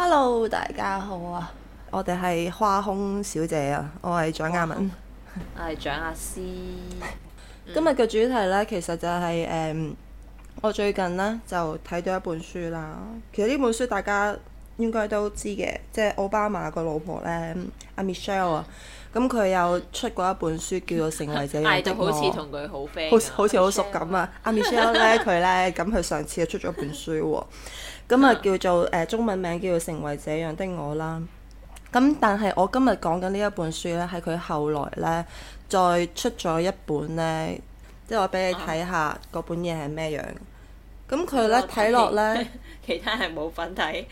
Hello，大家好啊！ 我哋係花空小姐啊，我係蔣亞文， 我係蔣亞詩。 今日嘅主題呢，其實就係、是、誒、嗯，我最近呢 就睇咗一本書啦。其實呢本書大家應該都知嘅，即係奧巴馬個老婆呢，阿 Michelle 啊 Mich。咁佢又出過一本書叫做《成為這樣 好似同佢好 friend，好似好熟咁啊！阿、啊、Michelle 咧，佢咧咁佢上次又出咗一本書喎，咁啊 叫做誒、呃、中文名叫做《成為這樣的我》啦。咁但係我今日講緊呢一本書咧，係佢後來咧再出咗一本咧，即係我俾你睇下嗰本嘢係咩樣。咁佢咧睇落咧，其他係冇份睇，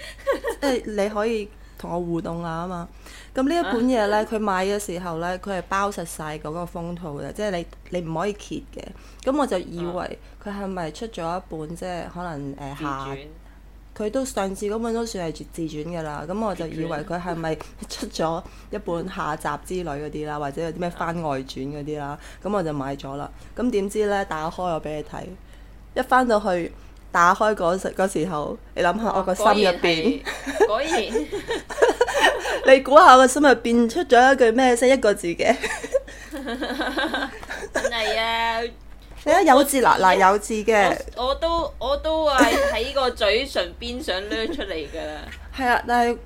即係你可以。同我互動下啊嘛，咁呢一本嘢呢，佢、啊、買嘅時候呢，佢係包實晒嗰個封套嘅，即係你你唔可以揭嘅。咁我就以為佢係咪出咗一本、啊、即係可能誒、呃、下佢轉都上次嗰本都算係自自傳嘅啦，咁我就以為佢係咪出咗一本下集之類嗰啲啦，轉或者有啲咩番外傳嗰啲啦？咁、啊、我就買咗啦。咁點知呢，打開我俾你睇，一翻到去。打開嗰時候，你諗下我個心入邊、哦，果然，果然 你估下我個心入邊出咗一句咩聲？一個字嘅，係 啊，你睇、 嗯、有字嗱嗱我有字嘅，我都我都係喺個嘴唇邊想 lunge 出嚟噶啦，係 啊，但係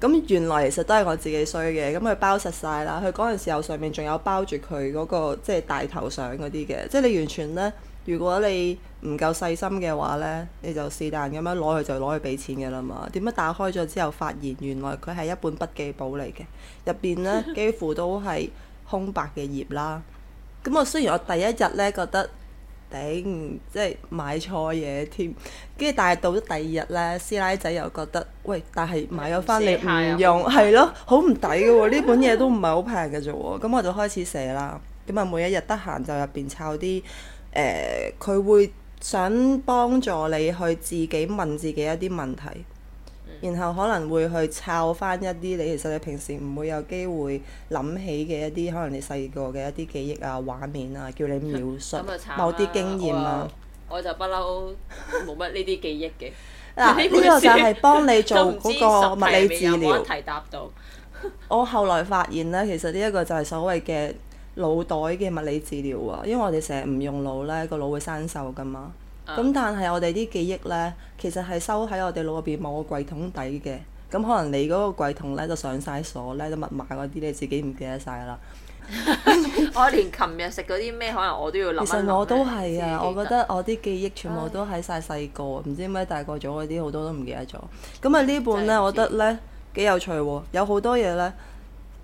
咁原來其實都係我自己衰嘅，咁佢包實晒啦，佢嗰陣時候上面仲有包住佢嗰、嗰個即係、就是、大頭相嗰啲嘅，即係你完全咧。如果你唔夠細心嘅話呢，你就是但咁樣攞去，就攞去俾錢嘅啦嘛。點解打開咗之後發現原來佢係一本筆記簿嚟嘅，入邊呢幾乎都係空白嘅頁啦。咁我雖然我第一日呢覺得頂、哎，即係買錯嘢添，跟住但係到咗第二日呢，師奶仔又覺得喂，但係買咗翻嚟唔用，係咯養，好唔抵嘅喎。呢本嘢都唔係好平嘅啫喎。咁、嗯、 我就開始寫啦，咁啊每一日得閒就入邊抄啲。誒，佢、呃、會想幫助你去自己問自己一啲問題，嗯、然後可能會去抄翻一啲你其實你平時唔會有機會諗起嘅一啲可能你細個嘅一啲記憶啊、畫面啊，叫你描述、嗯啊、某啲經驗啊我。我就不嬲冇乜呢啲記憶嘅。嗱，呢個就係幫你做嗰、 嗰個物理治療。我後來發現呢，其實呢一個就係所謂嘅腦袋嘅物理治療啊，因為我哋成日唔用腦呢，個腦會生鏽噶嘛。咁、嗯、但係我哋啲記憶呢，其實係收喺我哋腦入邊某個櫃桶底嘅。咁可能你嗰個櫃桶呢，就上晒鎖呢，啲密碼嗰啲你自己唔記得晒啦。 我連琴日食嗰啲咩可能我都要諗一諗。其實我都係啊，我覺得我啲記憶全部都喺晒細個，唔唉 知點解大個咗嗰啲好多都唔記得咗。咁啊呢本呢，我真是 覺得呢幾有趣喎，有好多嘢呢。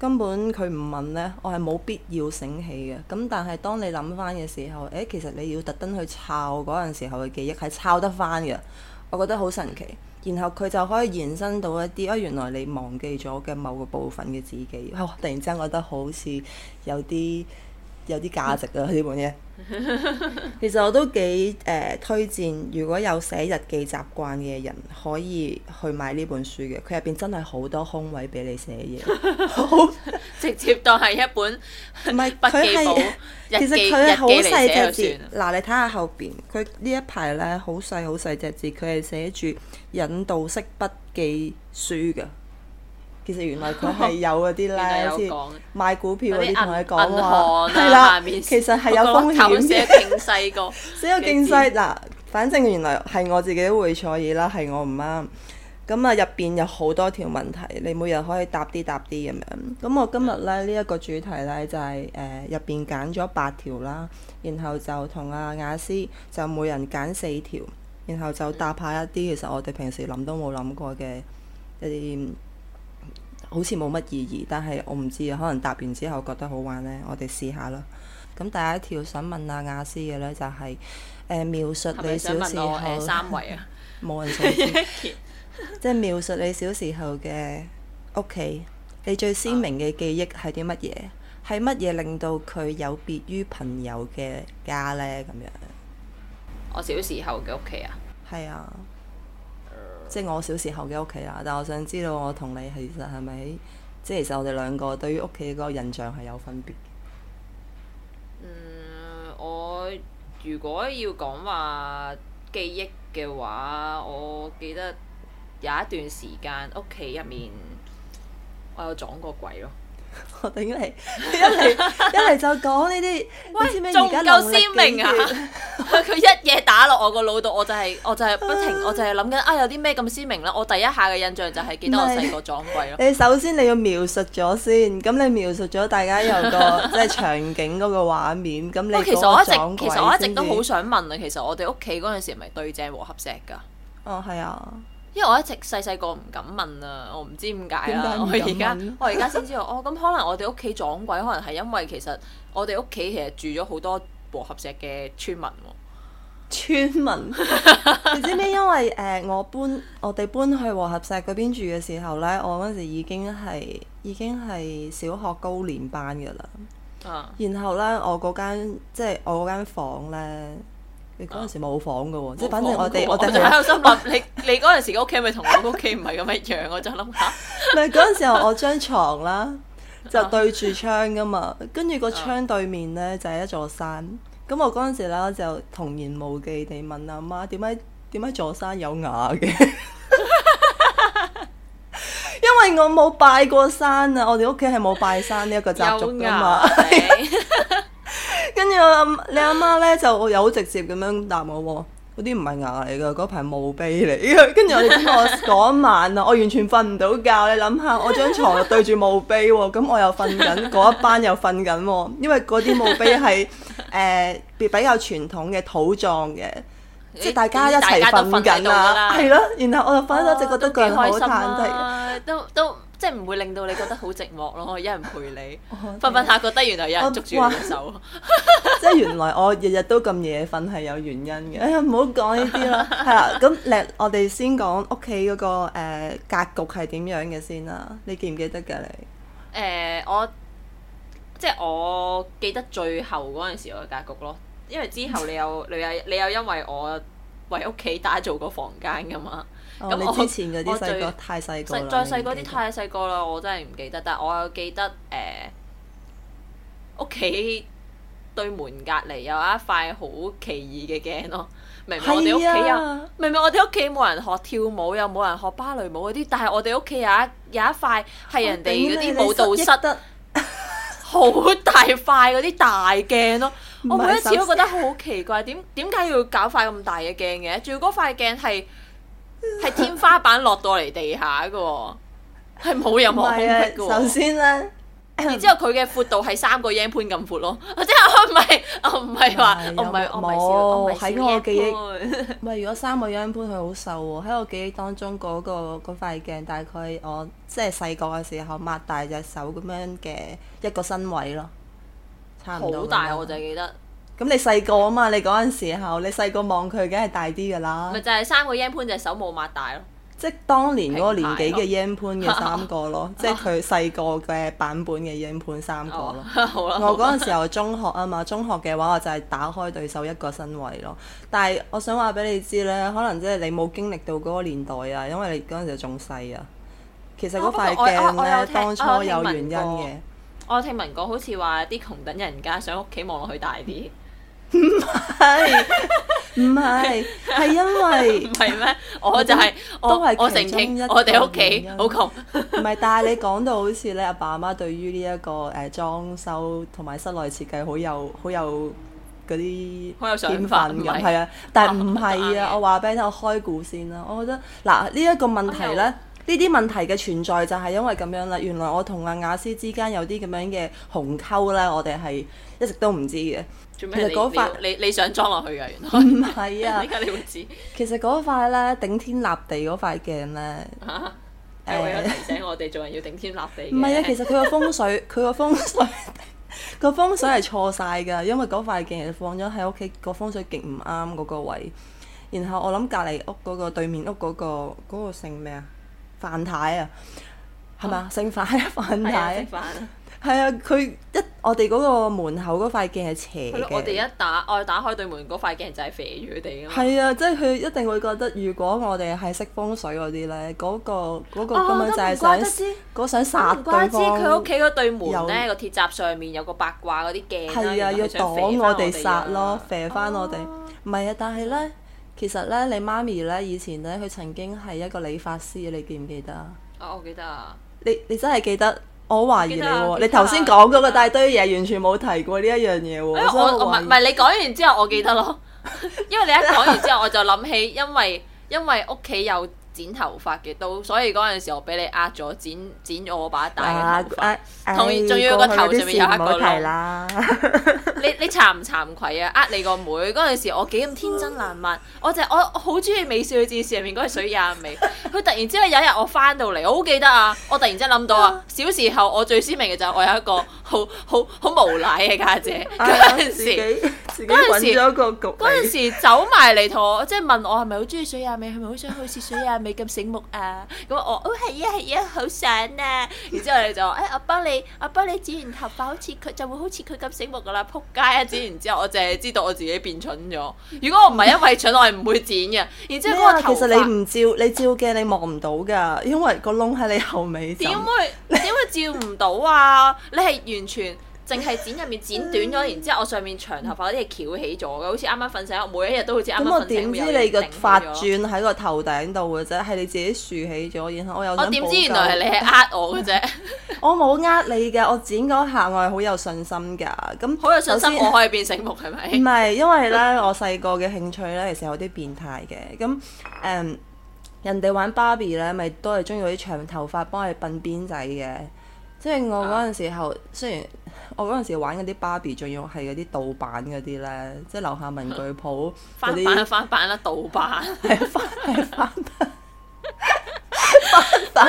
根本佢唔問呢，我係冇必要醒起嘅。咁但係當你諗翻嘅時候，誒、哎、其實你要特登去抄嗰陣時候嘅記憶，係抄得翻嘅。我覺得好神奇。然後佢就可以延伸到一啲，啊原來你忘記咗嘅某個部分嘅自己，突然之間覺得好似有啲有啲價值啊！呢本嘢，其實我都幾誒推薦，如果有寫日記習慣嘅人，可以去買呢本書嘅。佢入邊真係好多空位俾你寫嘢， 好直接當係一本唔係，佢係筆記簿，其實佢係好細隻字，嗱、啊、你睇下後邊，佢呢一排咧好細好細隻字，佢係寫住引導式筆記書嘅。其實原來佢係有嗰啲咧，先 賣股票嗰啲同佢講啊，的下面其實係有風險嘅。 所以我勁細嗱，反正原來係我自己會錯意啦，係我唔啱咁啊。入邊有好多條問題，你每日可以答啲答啲咁樣。咁我今日咧呢一、嗯、個主題咧就係誒入邊揀咗八條啦，然後就同阿雅思就每人揀四條，然後就答下一啲、嗯、其實我哋平時諗都冇諗過嘅一啲。好似冇乜意義，但係我唔知啊。可能答完之後覺得好玩呢，我哋試下啦。咁、嗯、第一條想問阿、啊、雅思嘅呢、就係，就係誒描述你小時候是是、呃、三圍啊，冇 人即係 描述你小時候嘅屋企。你最鮮明嘅記憶係啲乜嘢？係乜嘢令到佢有別於朋友嘅家呢？咁樣，我小時候嘅屋企啊，係啊。即係我小時候嘅屋企啦，但我想知道我同你其實係咪？即係其實我哋兩個對於屋企個印象係有分別。嗯，我如果要講話記憶嘅話，我記得有一段時間屋企入面，我有撞過鬼咯。 我頂你！一嚟一嚟就講呢啲， 仲夠鮮明啊？佢一嘢打落我個腦度，我就係、是、我就係不停， 我就係諗緊啊有啲咩咁鮮明啦、啊！我第一下嘅印象就係記得我細個撞櫃咯。 你首先你要描述咗先，咁你描述咗大家有個 即係場景嗰個畫面，咁你那其實我一直其實我一直都好想問啊，其實我哋屋企嗰陣時係咪對正和合石㗎？ 哦係啊。因為我一直細細個唔敢問啊，我唔知點解啊。我而家我而家先知道， 哦咁可能我哋屋企撞鬼，可能係因為其實我哋屋企其實住咗好多和合石嘅村民。村民， 你知唔知？因為誒、呃，我搬我哋搬去和合石嗰邊住嘅時候呢，我嗰時已經係已經係小學高年班㗎喇。啊、然後呢，我嗰間即係我嗰間房間呢。你嗰陣時冇房噶喎，即係反正我哋我哋喺度想你，你嗰陣時個屋企咪同我屋企唔係咁樣一樣？我就諗下，唔係嗰陣時候我張床啦，就對住窗噶嘛，跟住個窗對面呢就係一座山。咁我嗰陣時咧就童言無忌地問阿媽：點解點解座山有牙嘅？因為我冇拜過山啊！我哋屋企係冇拜山呢一個習俗噶嘛。跟住我你阿媽咧就又好直接咁樣答我喎，嗰啲唔係牙嚟噶，嗰排墓碑嚟噶。跟住我哋聽我講一晚啊，我完全瞓唔到覺。你諗下，我張牀對住墓碑喎，咁我又瞓緊，嗰一班又瞓緊喎。因為嗰啲墓碑係誒、呃、比較傳統嘅土葬嘅，即係大家一齊瞓緊啦，係咯。然後我就瞓咗、哦、直覺得個人好嘆，即都直覺 都。都即係唔會令到你覺得好寂寞咯，有 人陪你，瞓瞓 下覺得原來有人捉住你手， 即係原來我日日都咁夜瞓係有原因嘅。哎呀，唔好講呢啲啦，係啦， 咁我哋先講屋企嗰個誒、呃、格局係點樣嘅先啦。你記唔記得噶你？誒、呃，我即係我記得最後嗰陣時我嘅格局咯，因為之後你有 你有你有因為我為屋企打造個房間噶嘛。咁我之前嗰啲細太細個啦，再細個啲太細個啦，我真係唔記得。但係我又記得誒，屋企對門隔離有一塊好奇異嘅鏡咯。明明我哋屋企有明明我哋屋企冇人學跳舞，又冇人學芭蕾舞嗰啲，但係我哋屋企有一有一塊係人哋嗰啲舞蹈室，好大塊嗰啲大鏡咯。我每一次都覺得好奇怪，點點解要搞塊咁大嘅鏡嘅？仲要嗰塊鏡係～係 天花板落到嚟地下嘅、哦，係冇任何空隙、哦啊、首先咧，然之後佢嘅闊度係三個英吋咁闊咯。我即係唔係，我唔係話，我唔係，是我唔係少。唔係，如果三個英吋，佢好瘦喎。喺我記憶當中、嗰個，嗰個嗰塊鏡大概我即係細個嘅時候，擘大隻手咁樣嘅一個身位咯，差唔多。好大，我就記得。咁你細個啊嘛，你嗰陣時候，你細個望佢，梗係大啲㗎啦。咪就係三個鷹盤隻手冇擘大咯。即係當年嗰個年紀嘅鷹盤嘅三個咯， 即係佢細個嘅版本嘅鷹盤三個咯。好啦，我嗰陣時候中學啊嘛，中學嘅話我就係打開對手一個身位咯。但係我想話俾你知咧，可能即係你冇經歷到嗰個年代啊，因為你嗰陣時仲細啊。其實嗰塊鏡咧，啊、我我我有當初有原因嘅、啊。我聽聞過，過，好似話啲窮等人家上屋企望落去大啲。唔係，唔係， 係 因為唔係咩？我就係、是，都係我承認我哋屋企好窮，唔 係。但係你講到好似咧，阿爸阿媽對於呢、這、一個誒、呃、裝修同埋室內設計好有好有嗰啲見聞咁，係啊 是。但係唔係啊？ 我話俾你聽，我開估先啦。我覺得嗱，呢一、這個問題咧。 呢啲問題嘅存在就係因為咁樣啦。原來我同阿雅思之間有啲咁樣嘅鴻溝呢，我哋係一直都唔知嘅。其實嗰塊你你，你想裝落去嘅，原來唔係啊。點解 你會知？其實嗰塊咧，頂天立地嗰塊鏡咧，誒、啊欸、提醒我哋做人要頂天立地。唔係啊，其實佢個風水，佢個 風水，個 風水係錯晒㗎。因為嗰塊鏡放咗喺屋企，個風水極唔啱嗰個位。然後我諗隔離屋嗰、嗰個對面屋嗰、嗰個嗰、嗰個姓咩啊？范太啊，係咪啊？哦、姓范啊，范太，太。係啊，佢、 啊、一我哋嗰個門口嗰塊鏡係斜嘅，啊。我哋一打，我、哦、哋打開對門嗰塊鏡就係射住佢哋嘅。係啊，即係佢一定會覺得，如果我哋係識風水嗰啲咧，嗰、嗰個嗰、嗰個根本就係想，嗰、哦、想殺對方。啊、唔怪之佢屋企嗰對門咧個鐵閘上面有個八卦嗰啲鏡。係啊，要擋我哋殺咯，射翻我哋。唔係啊，嗯、啊但係咧。其實咧，你媽咪咧以前咧，佢曾經係一個理髮師，你記唔記得啊？啊，我記得啊！你你真係記得？我懷疑你喎。記得啊！你頭先講嗰個大堆嘢，完全冇提過呢一樣嘢喎。所以我唔係，唔係你講完之後，我記得咯。因為你一講完之後，我就諗起，因為因為屋企有。剪頭髮嘅刀，所以嗰陣時我俾你呃咗，剪剪咗我把大嘅頭髮，同仲要個頭上面有一個窿。你你慚唔慚愧啊？呃你個妹嗰陣時，我幾咁天真爛漫，我就我好中意《美少女戰士》入面嗰個水野亞美。佢突然之間有一日我翻到嚟，我好記得啊！我突然之間諗到啊，小時候我最鮮明嘅就係我有一個好好好無賴嘅家姐嗰陣時，嗰陣時嗰陣時走埋嚟同我即係問我係咪好中意水野亞美，係咪好想去涉水野。未咁醒目啊！咁我哦係呀係呀，好想啊！然之後你就話誒、哎，我幫你我幫你剪完頭髮，好似佢就會好似佢咁醒目噶啦！扑街啊！剪完之後我淨係知道我自己變蠢咗。如果我唔係因為蠢，我係唔會剪嘅。然之後個頭髮、啊、其實你唔照，你照鏡你望唔到噶，因為個窿喺你後尾。點會點會照唔到啊？ 你係完全。淨係剪入面剪短咗，然之後我上面長頭髮嗰啲係翹起咗嘅，好似啱啱瞓醒。我每一日都好似啱啱。咁我點知你嘅髮轉喺個頭頂度嘅啫？係你自己豎起咗，然後我又想補救。我點知原來係你係呃我嘅啫？我冇呃你嘅，我剪嗰下我係好有信心㗎。咁好有信心，我可以變醒目係咪？唔係，因為咧，我細個嘅興趣咧，其實有啲變態嘅。咁誒，人哋玩芭比咧，咪都係中意嗰啲長頭髮幫你揼辮仔嘅。即係我嗰陣時候雖然。我嗰陣時玩嗰啲芭比，仲要係嗰啲盜版嗰啲咧，即係樓下文具鋪翻版啦，翻版啦，盜版係翻係翻版翻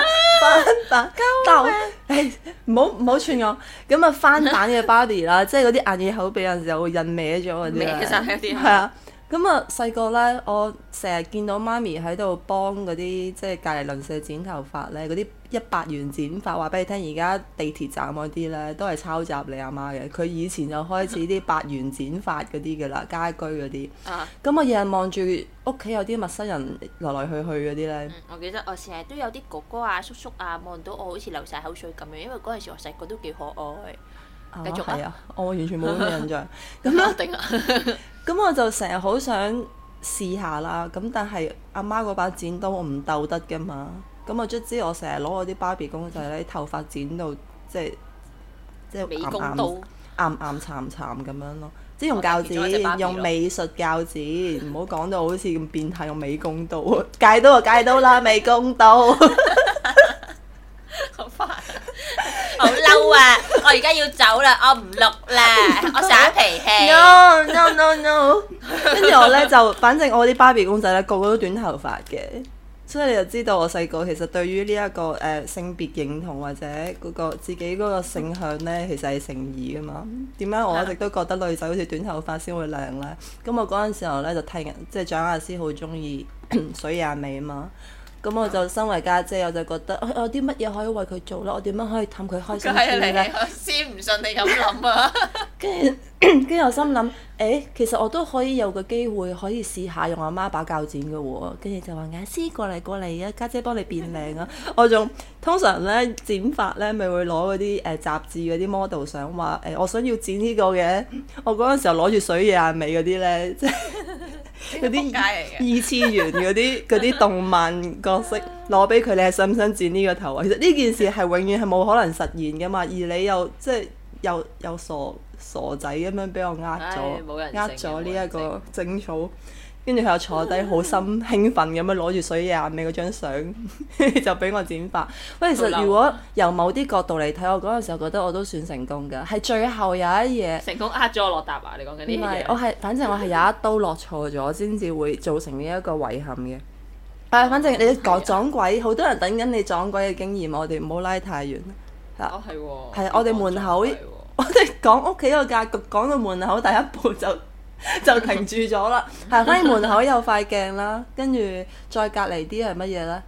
版。但我誒唔好唔好串我咁啊！翻版嘅芭比啦，即係嗰啲眼耳口鼻有陣時會印歪咗嗰啲。其實啲係啊。咁啊的，細個咧，我成日見到媽咪喺度幫嗰啲即係隔離鄰舍剪頭髮咧，嗰啲。一百元剪髮，話俾你聽，而家地鐵站嗰啲呢，都係抄襲你阿媽嘅。佢以前就開始啲百元剪髮嗰啲嘅啦，居啊、家居嗰啲。咁我日日望住屋企有啲陌生人來來去去嗰啲呢。我記得我成日都有啲哥哥啊、叔叔啊，望到我好似流晒口水咁樣，因為嗰陣時我細個都幾可愛。啊、繼續啊，啊！我完全冇咁嘅印象。咁 我就成日好想試下啦，咁但係阿媽嗰把剪刀我唔鬥得㗎嘛。咁我卒之，我成日攞我啲芭比公仔咧，頭髮剪到即係即係岩岩岩岩，慘慘咁樣咯，即係用鉸剪，用美術鉸剪，唔好講到好似咁變態用美工刀啊！戒刀就戒刀啦，美工刀。好煩！好嬲啊！我而家要走啦，我唔錄啦，我耍脾氣。No no no no！跟住我咧就，反正我啲芭比公仔咧，個個都短頭髮嘅。所以你就知道我細個其實對於呢、這、一個誒、呃、性別認同或者嗰個自己嗰個性向呢，其實係誠意㗎嘛。點解我一直都覺得女仔好似短頭髮先會靚呢？咁我嗰陣時候呢，就聽，即係長亞師好中意水亞美啊嘛。咁我就身為家姐，姐，我就覺得我有啲乜嘢可以為佢做囉？我點樣可以氹佢開心啲呢？似唔信你咁諗啊！ 跟住我心諗，誒，其實我都可以有個機會可以試下用阿媽把鉸剪嘅喎。跟住就話：雅思過嚟過嚟啊，家姐幫你變靚啊！我仲通常咧剪髮咧咪會攞嗰啲誒雜誌嗰啲 model 相，話誒我想要剪呢個嘅。我嗰陣時候攞住水野美嗰啲咧，即係嗰啲二次元嗰啲嗰啲動漫角色攞俾佢，你係想唔想剪呢個頭啊？其實呢件事係永遠係冇可能實現嘅嘛。而你又即係又又傻。傻仔咁樣俾我呃咗，呃咗呢一個整草，跟住佢又坐低好心興奮咁樣攞住水廿米嗰張相，就俾我剪髮。喂，其實如果由某啲角度嚟睇，我嗰陣時候覺得我都算成功㗎，係最後有一嘢。成功呃咗我落搭啊！你講緊啲咩？唔係，我係反正我係有一刀落錯咗，先至會造成呢一個遺憾嘅。係，反正你講撞鬼，好多人等緊你撞鬼嘅經驗，我哋唔好拉太遠。啊，係係，我哋門口。我哋 講屋企個格局，講到門口第一步就就停住咗啦。係， 反正門口有塊鏡啦，跟住再隔離啲係乜嘢呢？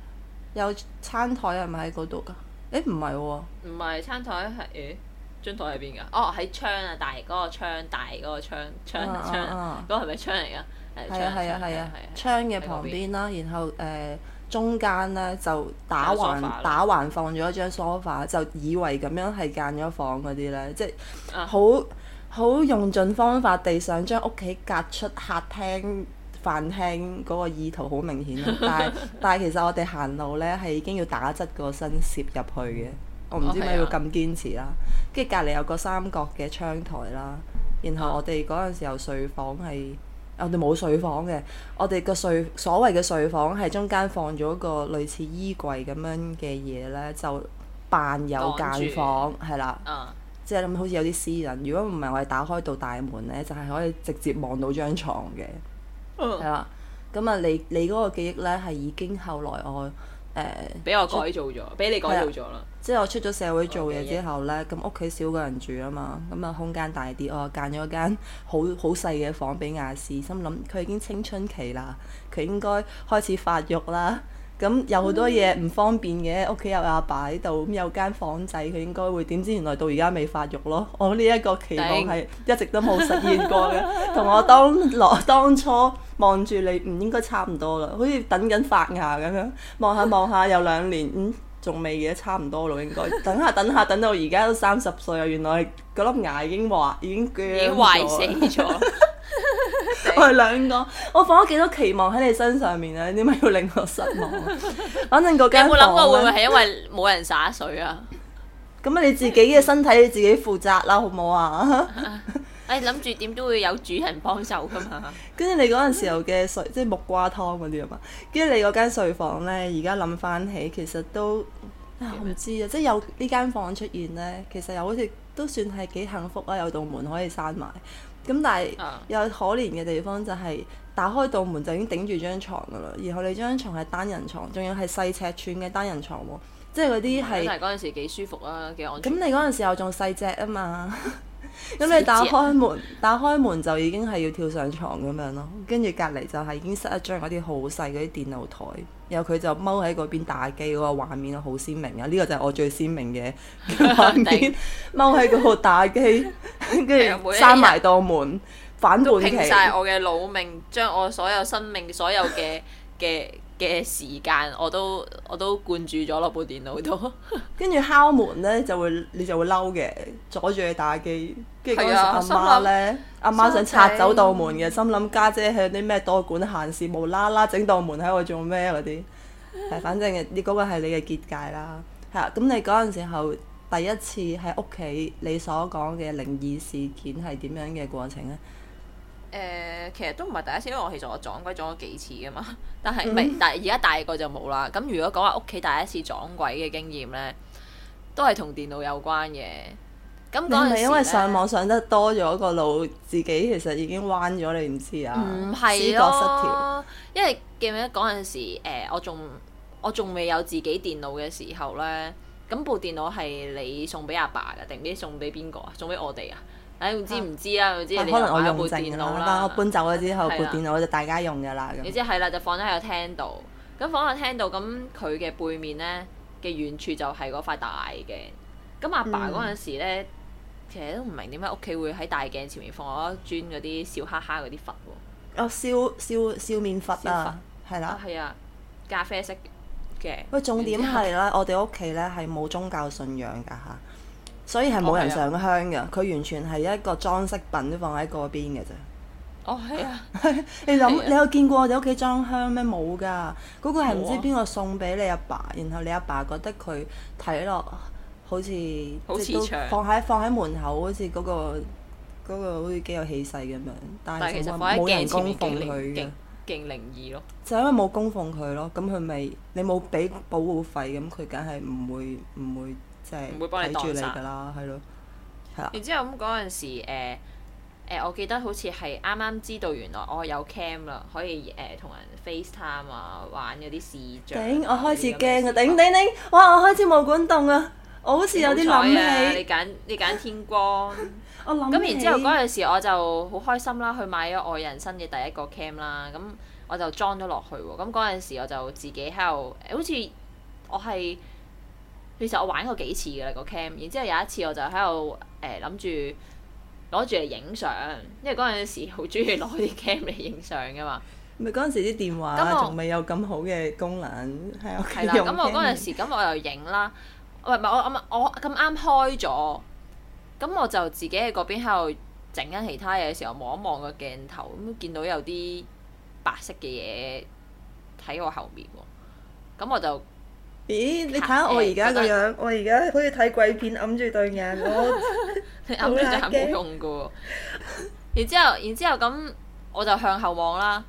有餐台係咪喺嗰度㗎？誒唔係喎。唔係、哦、餐台係，誒張台喺邊㗎？哦喺窗啊，大嗰個窗，大嗰個窗，窗，窗啊啊啊啊窗，嗰、嗰個係咪窗嚟㗎？係係啊係啊，啊， 窗嘅旁邊啦，然後誒。呃呃中間咧就打橫打橫放咗一張梳化就以為咁樣係間咗房嗰啲咧，即係好好用盡方法地想將屋企隔出客廳飯廳嗰個意圖好明顯啊！ 但係但係其實我哋行路咧係已經要打側個身攝入去嘅，我唔知點解要咁堅持啦。跟住隔離有個三角嘅窗台啦，然後我哋嗰陣時候睡房係。我哋冇睡房嘅，我哋個睡所謂嘅睡房係中間放咗個類似衣櫃咁樣嘅嘢呢，就扮有間房係啦，即係諗好似有啲私人，如果唔係我哋打開到大門呢，就係、是、可以直接望到張床嘅，係啦、嗯。咁啊，你你嗰個記憶呢係已經後來我。誒，俾、嗯、我改造咗，俾出你改造咗啦。即係我出咗社會做嘢 Okay. 之後呢，咁屋企少個人住啊嘛，咁啊空間大啲，我間咗一間好好細嘅房俾亞視，心諗佢已經青春期啦，佢應該開始發育啦。咁、嗯、有好多嘢唔方便嘅，屋企有阿爸喺度，咁有間房仔，佢應該會點知？原來到而家未發育咯。我呢一個期望係一直都冇實現過嘅，同 我當，當初望住你，唔應該差唔多啦。好似等緊發芽咁樣，望下望下，有兩年， 嗯，仲未嘅，差唔多咯，應該。等下等下等到而家都三十歲啊！原來嗰粒牙已經壞，已經攰咗。壞死咗。我兩個，我放咗幾多期望喺你身上面啊？點解要令我失望？反正個間房咧，你有冇諗過會唔會係因為冇人灑水啊？咁啊，你自己嘅身體你自己負責啦，好唔好啊？誒、 哎，諗住點都會有主人幫手噶嘛。跟 住你嗰陣時候嘅水，即係木瓜湯嗰啲啊嘛。跟住你嗰間睡房咧，而家諗翻起，其實都、哎、我唔知啊。 即係有呢間房出現咧，其實又好似都算係幾幸福啦，有道門可以閂埋。咁但係有可憐嘅地方就係打開道門就已經頂住張床㗎喇，然後你張床係單人床，仲要係細尺寸嘅單人床喎，即係嗰啲係。嗰陣、嗯、時幾舒服啊，幾安。咁你嗰陣時又仲細隻啊嘛，咁 你打開門 打開門就已經係要跳上床咁樣咯，跟住隔離就係已經塞一張嗰啲好細嗰啲電腦枱。然後佢就踎喺嗰邊打機，嗰、那個畫面好鮮明啊！呢、這個就係我最鮮明嘅、那個、畫面，踎喺嗰度打機，跟住閂埋道門，反叛 人期，拼晒我嘅老命，將我所有生命、所有嘅嘅嘅時間，我都我都灌注咗落部電腦度。跟 住敲門呢，就會你就會嬲嘅，阻住你打機。跟住阿媽咧，阿入媽，媽想拆走道門嘅，入心諗家姐係啲咩多管閒事，無啦啦整道門喺我做咩嗰啲？ 反正你嗰個係你嘅結界啦。係咁、啊、你嗰陣時候第一次喺屋企，你所講嘅靈異事件係點樣嘅過程呢？誒、呃，其實都唔係第一次，因為我其實我撞鬼撞咗幾次㗎嘛。但係唔係大而家大個就冇啦。咁如果講話屋企第一次撞鬼嘅經驗呢，都係同電腦有關嘅。你係因為上網上得多咗個腦，自己其實已經彎咗，你唔知啊？唔係咯，因為記唔記得嗰陣時，呃，我仲我仲未有自己電腦嘅時候咧，咁部電腦係你送俾阿爸嘅，定唔知送俾邊個啊？送俾我哋啊？誒，唔知唔知啦，唔知你買部電腦啦。我搬走咗之後，部電腦就大家用嘅啦。咁即係係啦，就放咗喺個廳度。咁放喺廳度，咁佢嘅背面咧嘅遠處就係嗰塊大嘅。咁阿爸嗰陣時咧。嗯其實都唔明點解屋企會喺大鏡前面放咗尊嗰啲笑哈哈嗰啲佛喎、哦？哦，笑笑笑面佛啊，係啦法，係啊的、哦，咖啡色嘅。喂、哎，重點係啦， 我哋屋企咧係冇宗教信仰噶吓，所以係冇人上香噶。佢、哦、完全係一個裝飾品都放喺嗰邊嘅啫。哦，係啊。 你諗想，的你有見過我哋屋企裝香咩？冇噶。嗰、那個係唔知邊個送俾你阿爸，爸，然後你阿爸，爸覺得佢睇落。好似即係放喺放喺門口，好似嗰、個嗰、個好似幾有氣勢咁樣，但係其實冇人供奉佢嘅，勁靈異咯。就因為冇供奉佢咯，咁佢咪你冇俾保護費，咁佢梗係唔會唔會即係唔會幫你擋住你噶啦，係咯，係啦。然之後咁嗰陣時，誒誒了了、呃呃，我記得好似係啱啱知道，原來我有 cam 啦，可以誒同、呃、人 face time 啊，玩嗰啲視像。頂！我開始驚啊！頂頂頂！哇！我開始冇管動啊！ 我好似有啲諗、啊、起你，你揀你揀天光。咁然 起之後嗰陣時，我就好開心啦，去買咗我人生嘅第一個 cam 啦。咁我就裝咗落去喎。咁嗰陣時我就自己喺度，好似我係其實我玩過幾次嘅啦、個 cam。然之後有一次我就喺度誒諗住攞住嚟影相，因為嗰陣時好鍾意攞啲 cam 嚟影相㗎嘛。咪嗰陣時啲電話仲未有咁好嘅功能喺屋企用。係啦， 咁我嗰陣時咁我又影啦。 唔唔係，我咁啱開咗，咁我就自己喺嗰邊喺度整緊其他嘢嘅時候，望一望個鏡頭，咁見到有啲白色嘅嘢喺我後面喎。咁我就咦、欸？你睇下我而家個樣，就是、我而家好似睇鬼片，揞住對眼，你揞住隻眼冇用噶喎。 然之後，然之後咁，我就向後望啦，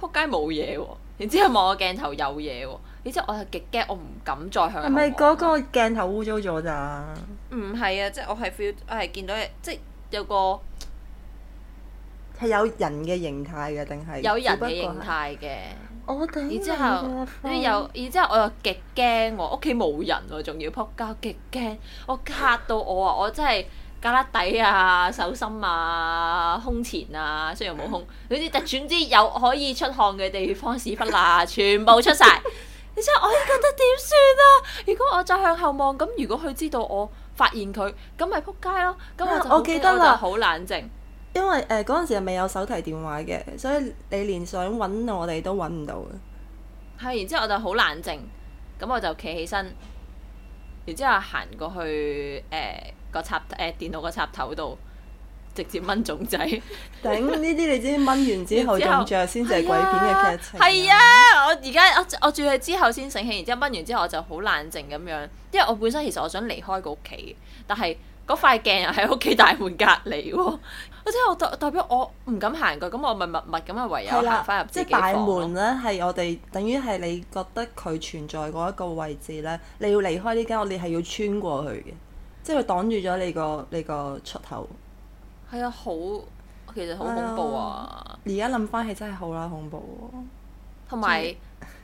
撲街冇嘢喎。然之後望個鏡頭有嘢喎。然之後，我又極驚，我唔敢再向人講。係咪嗰個鏡頭污糟咗咋？唔係啊，即係我係 feel，我係見到即係有個係有人嘅形態嘅，定係有人嘅形態嘅後。我頂。然之後，誒然之後我又極驚，我屋企冇人喎，仲要撲街，極驚，我嚇到我啊！我真係胳肋底啊、手心啊、胸前啊，雖然冇胸，總之突轉之有可以出汗嘅地方，屎忽罅，全部出晒。 然之 後我依覺得點算啊？如果我再向後望，咁如果佢知道我發現佢，咁咪扑街咯。咁我就、啊、我記得啦，好冷靜，因為誒嗰陣時未有手提電話嘅，所以你連想揾我哋都揾唔到嘅。係，然之後我就好冷靜，咁我就企起身，然之後行過去誒個、呃、插誒、呃、電腦個插頭度。直接掹種仔， 頂呢啲你知，掹完之後仲後著先，至係鬼片嘅劇情，啊啊。係啊，我而家我我著係之後先醒起，然之後掹完之後我就好冷靜咁樣，因為我本身其實我想離開個屋企，但係嗰塊鏡又喺屋企大門隔離喎，即係我，我代表我唔敢行過，咁我咪默默咁啊，唯有行翻入自己房。即係大門咧，係我哋等於係你覺得佢存在嗰一個位置咧，你要離開呢間，我哋係要穿過去嘅，即係佢擋住咗你個你個出口。係啊，好，其實好恐怖啊！而家諗翻起真係好啦，恐怖。同埋，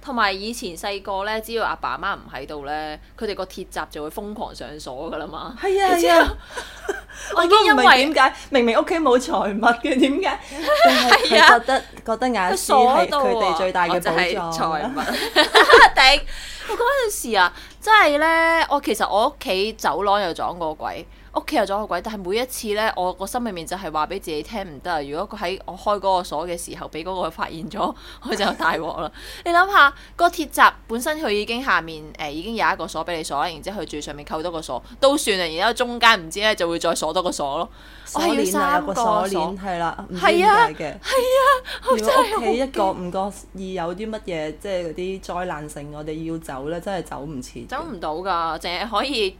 同埋以前細個咧，只要阿爸阿媽唔喺度咧，佢哋個鐵閘就會瘋狂上鎖噶啦嘛。係啊的！啊！ 我都唔明點解， 明明屋企冇財物嘅點解？係啊，覺得覺得眼珠係佢哋最大嘅保障。頂！我嗰陣時啊，真係咧，我其實我屋企走廊又撞過，過鬼。屋企有咗個鬼，但係每一次呢，我個心裏面就係話俾自己聽唔得啊！如果佢喺我開嗰個鎖嘅時候，俾嗰個發現咗，我就大鑊啦！ 你諗下，個鐵閘本身佢已經下面誒、呃、已經有一個鎖俾你鎖，然之後佢再上面扣多個鎖都算啊！然之後中間唔知咧就會再鎖多個鎖鎖咯。係啦，唔變價嘅。係啊。如果屋企一個唔覺意有啲乜嘢，即係嗰啲災難性，我哋要走呢，真係走唔切。 走唔到噶，淨係可以。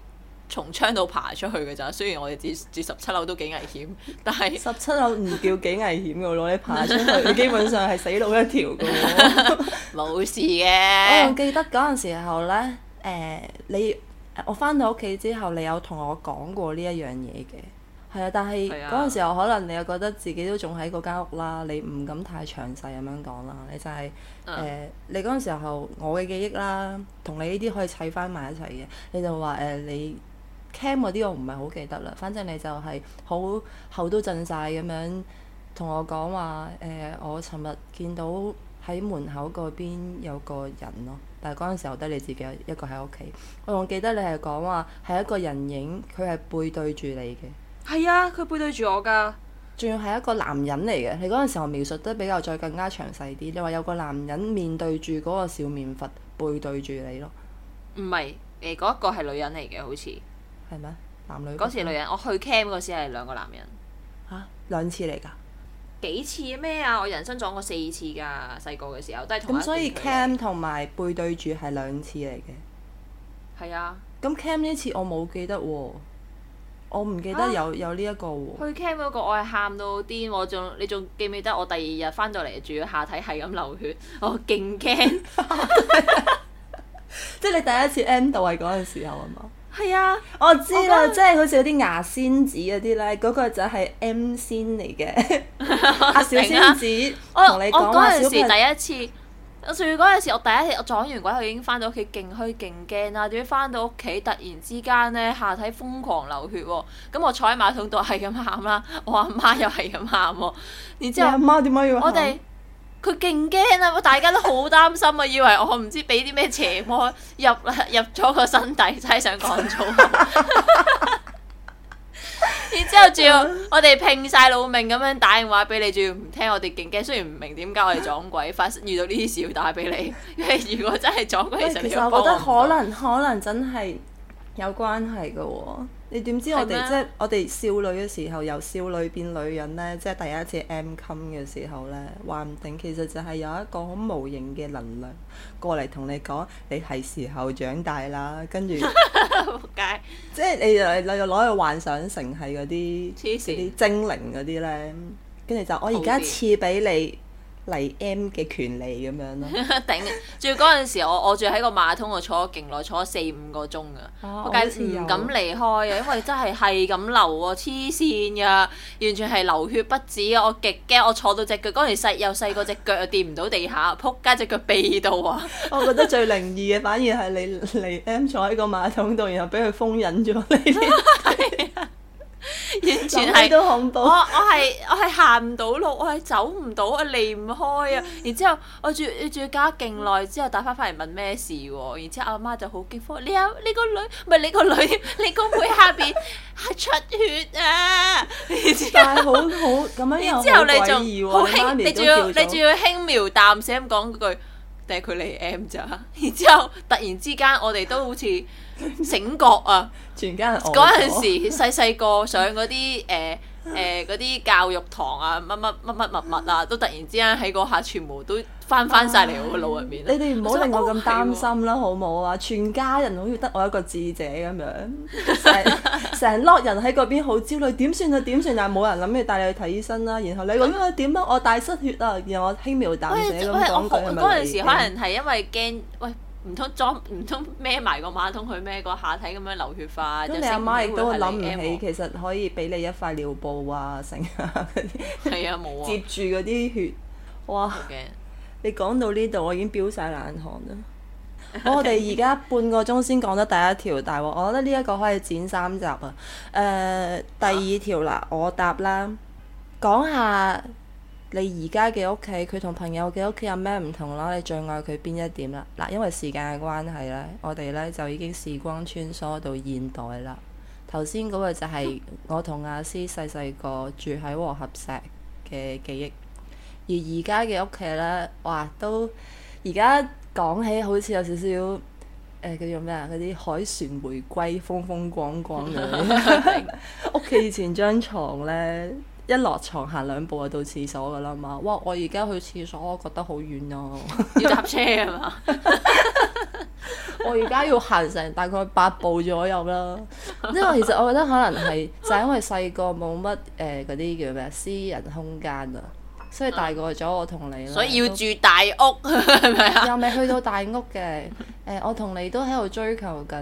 從窗度爬出去嘅咋，雖然我哋住住十七樓都幾危險，但係十七樓唔叫幾危險嘅喎，攞 你爬出去，你基本上係死路一條嘅喎。冇 事嘅的。我仲記得嗰陣時候呢。誒、呃、你，我翻到屋企之後，你有同我講過呢一樣嘢嘅，係啊。但係嗰陣時候可能你又覺得自己都仲喺嗰間屋啦，你唔敢太詳細咁樣講啦，你就係、是、誒、呃，你嗰陣時候我嘅記憶啦，同你呢啲可以砌翻埋一齊嘅，你就話誒、呃、你。cam 嗰啲我唔係好記得啦，反正你就係好厚都震晒。咁樣同我講話誒，我尋日見到喺門口嗰邊有個人咯，但係嗰陣時候得你自己一個喺屋企。我仲記得你係講話係一個人影，佢係背對住你嘅。係啊，佢背對住我㗎。仲要係一個男人嚟嘅。你嗰陣時候描述得比較再更加詳細啲，你話有個男人面對住嗰個笑面佛，背對住你咯。唔係誒，嗰一個係女人嚟嘅，好似。係咩？男女嗰時，女人，我去 cam 嗰時係兩個男人，吓兩、啊、次嚟噶？幾次咩啊？我人生撞過四次噶，細個嘅時候，時候都係同。咁所以 cam 同埋背對住係兩次嚟嘅，係啊。咁 cam 呢次我冇記得喎、啊，我唔記得有、啊、有呢一個喎、啊。去 cam 嗰個我係喊到癲，我仲你仲記唔記得？我第二日翻到嚟，住個下體係咁流血，我勁驚。即係你第一次 end 到係嗰陣時候啊嘛？係啊，我知啦，即係好似有啲牙仙子嗰啲咧，嗰，那個就係 M 仙嚟嘅，阿、 啊、小仙子，啊、我同你講嗰陣時第一，第一次，我嗰陣，那個、時，我第一次，我撞完鬼，我已經翻到屋企，勁虛勁驚啦。點解翻到屋企，突然之間咧下體瘋狂流血喎，哦，咁我坐喺馬桶度係咁喊啦，我阿媽又係咁喊，然之後我哋。我.佢勁驚啊！大家都好擔心啊！以為我唔知俾啲咩邪魔入入咗個身體，真係想講粗口。然之後仲要我哋拼晒老命咁樣打電話俾你，仲要唔聽我哋勁驚。雖然唔明點解我哋撞鬼，發生遇到呢啲事要打俾你。因為如果真係撞鬼，其實我覺得可能可能，可能真係有關係嘅喎、哦。你點知我哋嗎即係我哋少女嘅時候，由少女變女人呢？即係第一次 M come 嘅時候呢，話唔定其實就係有一個好無形嘅能量過嚟同你講，你係時候長大啦，跟住，冇計 惡，即係你又攞去幻想成係嗰啲黐線啲精靈嗰啲呢。跟住就我而家賜俾你。嚟 M 嘅權利咁樣咯， 頂、啊！最嗰陣時我我仲喺個馬桶度坐咗勁耐，坐咗四五個鐘㗎、啊，我梗係唔敢離開啊，因為真係係咁流喎，黐線㗎，完全係流血不止啊！我極驚，我坐到隻腳嗰陣時細又細個，隻腳又掂唔到地下，撲街隻腳痹到啊！我覺得最靈異嘅反而係你嚟 M 坐喺個馬桶度，然後俾佢封印咗你。 完全係都恐怖，我我係我係行唔到路，我係走唔到，我離唔開啊！然之後我仲要仲要加勁耐，之後打翻返嚟問咩事喎？然之後阿媽就好驚慌，你有你個女，唔係你個女，你個妹下邊係出血啊！但係好好，然之後你仲好輕，你仲要你仲要輕描淡寫咁講嗰句，定係佢嚟 M 咋？然之後突然之間，我哋都好似～醒覺啊！全家人嗰陣時細細個上嗰啲誒誒啲教育堂啊，乜乜乜乜物物啊，都突然之間喺嗰下全部都翻翻晒嚟我個腦入面。你哋唔好令我咁擔心啦，好冇啊？全家人好似得我一個智者咁樣，成成碌人喺嗰邊好焦慮，點算啊？點算啊？冇人諗住帶你去睇醫生啦。然後你講啊點啊？我大失血啊！然後我輕描淡寫咁講嗰陣時可能係因為驚喂。唔通裝唔通孭埋個馬桶去孭個下體咁樣流血法？咁你阿媽亦都諗唔起，其實可以俾你一塊尿布啊，成係啊冇啊！接住嗰啲血，哇！Okay. 你講到呢度，我已經飆晒冷汗啦！ 我哋而家半個鐘先講得第一條 大鑊，我覺得呢一個可以剪三集啊！誒、呃，第二條嗱，啊、我答啦，講下。你而家嘅屋企，佢同朋友嘅屋企有咩唔同咯？你最愛佢邊一點啦？嗱，因為時間嘅關係呢，我哋呢就已經時光穿梭到現代啦。頭先嗰個就係我同阿詩細細個住喺和合石嘅記憶，而而家嘅屋企呢，哇都而家講起好似有少少誒叫做咩啊？嗰、哎、啲海船迴歸，風風光光咁。屋企以前張床呢。一落床行兩步就到廁所噶啦嘛！哇！我而家去廁所我覺得好遠咯、啊，要搭車呀嘛？ 我而家要行成大概八步左右啦，因為其實我覺得可能係就係、是、因為細個冇乜誒嗰啲叫咩私人空間啊，所以大個咗我同你啦。嗯、都所以要住大屋係咪啊？都 又未去到大屋嘅誒、呃？我同你都喺度追求緊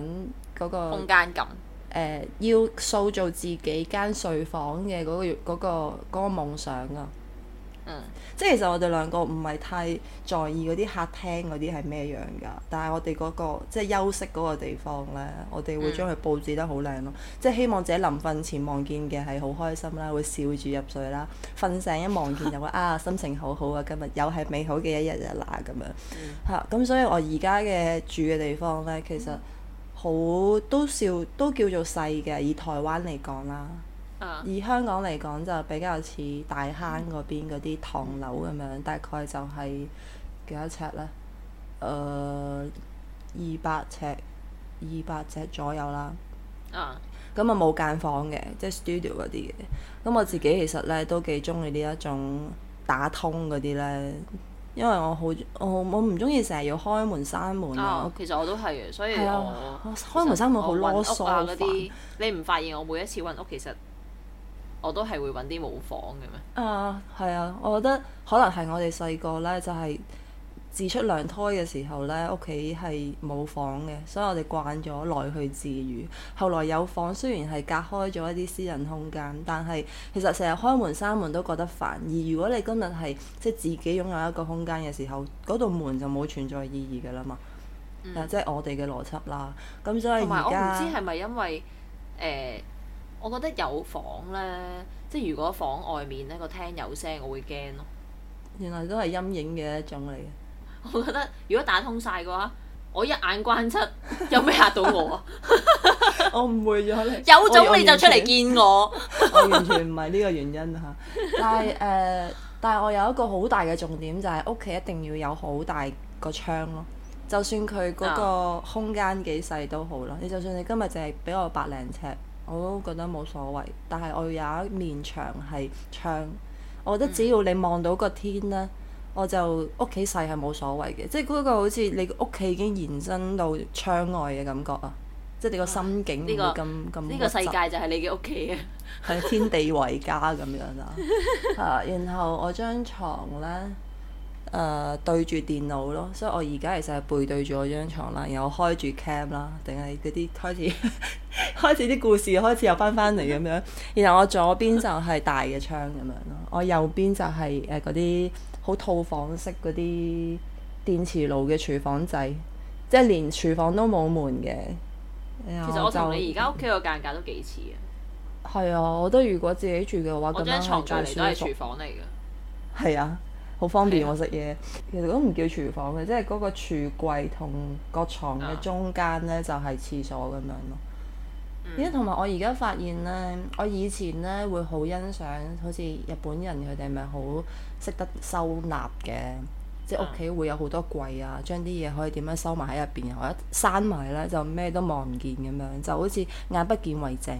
嗰、那個空間感。誒、呃、要塑造自己間睡房嘅嗰、嗰個、嗰、嗰個、嗰個嗰個、夢想啊！嗯、即係其實我哋兩個唔係太在意嗰啲客廳嗰啲係咩樣噶，但係我哋嗰、嗰個即係休息嗰個地方呢，我哋會將佢佈置得好靚咯，嗯、即係希望自己臨瞓前望見嘅係好開心啦，會笑住入睡啦，瞓醒一望見就會 啊心情好好啊，今日又係美好嘅一日日啦咁樣嚇。咁、嗯啊、所以我而家嘅住嘅地方呢，其實、嗯、～好都少都叫做細嘅，以台灣嚟講啦，uh. 以香港嚟講就比較似大坑嗰邊嗰啲唐樓咁樣，uh. 大概就係幾多尺呢？誒、呃，二百尺，二百尺左右啦。咁啊冇間房嘅，即係 studio 嗰啲嘅。咁我自己其實呢，都幾鍾意呢一種打通嗰啲呢。因為我好我我唔中意成日要開門閂門啊！哦、我其實我都係，所以、啊、我開門閂門好囉嗦啲。你唔發現我每一次揾屋其實我都係會揾啲冇房嘅咩？啊，係啊！我覺得可能係我哋細個呢，就係、是。自出娘胎嘅時候呢，屋企係冇房嘅，所以我哋慣咗來去自如。後來有房，雖然係隔開咗一啲私人空間，但係其實成日開門閂門都覺得煩。而如果你今日係即係自己擁有一個空間嘅時候，嗰道門就冇存在意義㗎啦嘛。嗯、即係我哋嘅邏輯啦。咁所以而家，唔知係咪因為誒、呃，我覺得有房呢，即係如果房外面呢、嗰個廳有聲，我會驚咯。原來都係陰影嘅一種嚟嘅。我覺得如果打通晒嘅話，我一眼關七，有咩嚇到我啊？我誤會啊！有種你就出嚟見我。我完全唔係呢個原因嚇。但係誒，但係我有一個好大嘅重點就係屋企一定要有好大個窗咯。就算佢嗰個空間幾細都好啦，你就算你今日淨係俾我百零尺，我都覺得冇所謂。但係我有一面牆係窗，我覺得只要你望到個天呢。我就屋企細係冇所謂嘅，即係嗰個好似你屋企已經延伸到窗外嘅感覺啊！即係你個心境唔會咁咁窄，呢個世界就係你嘅屋企啊，係 天地為家咁樣啦。誒、 啊，然後我張床咧誒、呃、對住電腦咯，所以我而家其實係背對住我張床啦。然後我開住 cam 啦，定係嗰啲開始 開始啲故事開始又翻翻嚟咁樣。然後我左邊就係大嘅窗咁樣咯，我右邊就係誒嗰啲。呃好套房式嗰啲電磁爐嘅廚房仔，即係連廚房都冇門嘅。就其實我同你而家屋企個間隔都幾似啊。係、嗯、啊，我都如果自己住嘅話，咁張牀再嚟都係廚房嚟嘅。係啊，好方便我食嘢。啊、其實都唔叫廚房嘅，即係嗰個櫥櫃同個床嘅中間呢，就係、是、廁所咁樣咯。咦、啊？同、嗯、埋我而家發現呢，我以前呢會好欣賞，好似日本人佢哋咪好識得收納嘅，即係屋企會有好多櫃啊，將啲嘢可以點樣收埋喺入邊，或者閂埋咧就咩都望唔見咁樣，就好似眼不見為淨。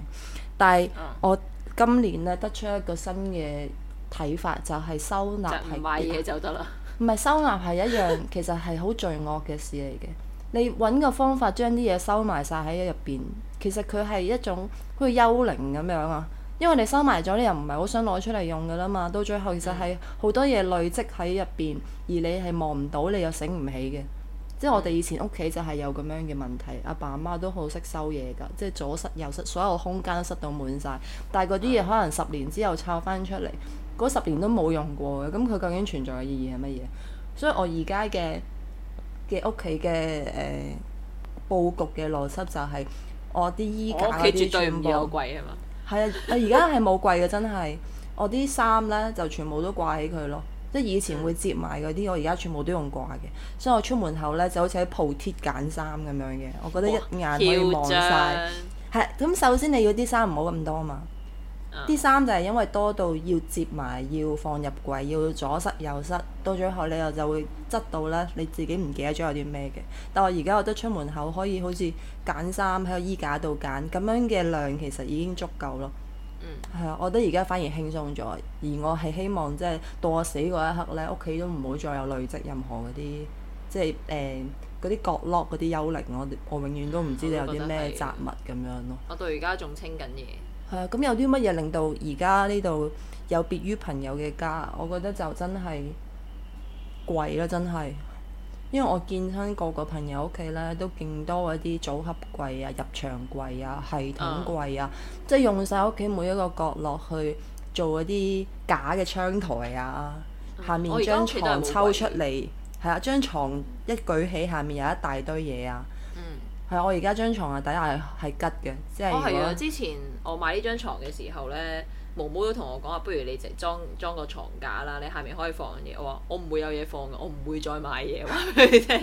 但係我今年咧得出一個新嘅睇法，就係、係、收納係唔、嗯、買嘢就得啦。唔係收納係一樣， 其實係好罪惡嘅事嚟嘅。你揾個方法將啲嘢收埋晒喺入邊，其實佢係一種好似幽靈咁樣啊。因為你收埋咗，你又唔係好想攞出嚟用噶啦嘛。到最後其實係好多嘢累積喺入邊，嗯、而你係望唔到，你又醒唔起嘅。即係我哋以前屋企就係有咁樣嘅問題，阿爸阿媽都好識收嘢噶，即係左塞右塞，所有空間都塞到滿晒。但係啲嘢可能十年之後摷翻出嚟，嗰、嗯、十年都冇用過嘅，咁佢究竟存在嘅意義係乜嘢？所以我而家嘅嘅屋企嘅誒佈局嘅邏輯就係、是、我啲衣架嗰啲全部，我屋企絕對唔會有櫃係嘛？係啊！ 我而家係冇櫃嘅，真係我啲衫呢，就全部都掛起佢咯。即係以前會折埋嗰啲，我而家全部都用掛嘅。所以我出門口呢，就好似喺鋪鐵揀衫咁樣嘅。我覺得一眼可以望晒係。咁首先你要啲衫唔好咁多嘛。啲衫、啊、就係因為多到要摺埋，要放入櫃，要左塞右塞，到最後你又就會執到咧，你自己唔記得咗有啲咩嘅。但我而家覺得出門口可以好似揀衫喺個衣架度揀，咁樣嘅量其實已經足夠咯。嗯。係啊，我覺得而家反而輕鬆咗。而我係希望即、就、係、係、到我死嗰一刻咧，屋企都唔好再有累積任何嗰啲，即係誒嗰啲角落嗰啲幽靈咯。我永遠都唔知你、嗯、有啲咩雜物咁樣咯。我到而家仲清緊嘢。咁、嗯、有啲乜嘢令到而家呢度有別於朋友嘅家？我覺得就真係貴喇，真係。因為我見親個個朋友屋企呢，都勁多嗰啲組合櫃啊、入牆櫃啊、系統櫃啊，uh, 即係用晒屋企每一個角落去做嗰啲假嘅窗台啊，uh, 下面將床抽出嚟，係啊，將床一舉起，下面有一大堆嘢啊！係啊，我而家張床啊，底下係係吉嘅，即係如果、哦、之前我買呢張床嘅時候呢，毛毛都同我講話，不如你直裝裝個床架啦，你下面可以放嘢。我話我唔會有嘢放嘅，我唔會再買嘢話俾你聽。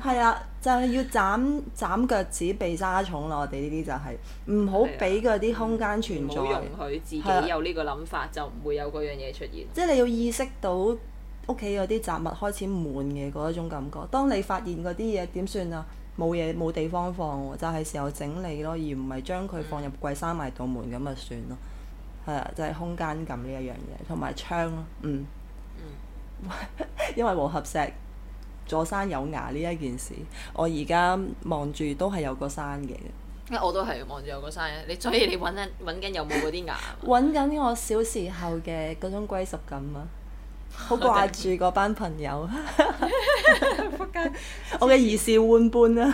係啊， 就係、是、要斬斬腳趾避沙蟲咯，我哋呢啲就係唔好俾嗰啲空間存在。唔好容許自己有呢個諗法，的就唔會有嗰樣嘢出現。即係、就是、你要意識到屋企有啲雜物開始悶嘅嗰一種感覺。當你發現嗰啲嘢點算啊？冇嘢冇地方放喎，就係、是、時候整理咯，而唔係將佢放入櫃，閂埋道門咁啊算咯。係啊，就係、是、空間感呢一樣嘢，同埋窗咯、啊，嗯。嗯 因為和合石座山有牙呢一件事，我而家望住都係有個山嘅。因啊、嗯！我都係望住有個山嘅、啊，你所以你揾緊揾緊有冇嗰啲牙？揾緊我小時候嘅嗰種歸屬感啊！好掛住嗰班朋友， 我嘅以笑換半啦！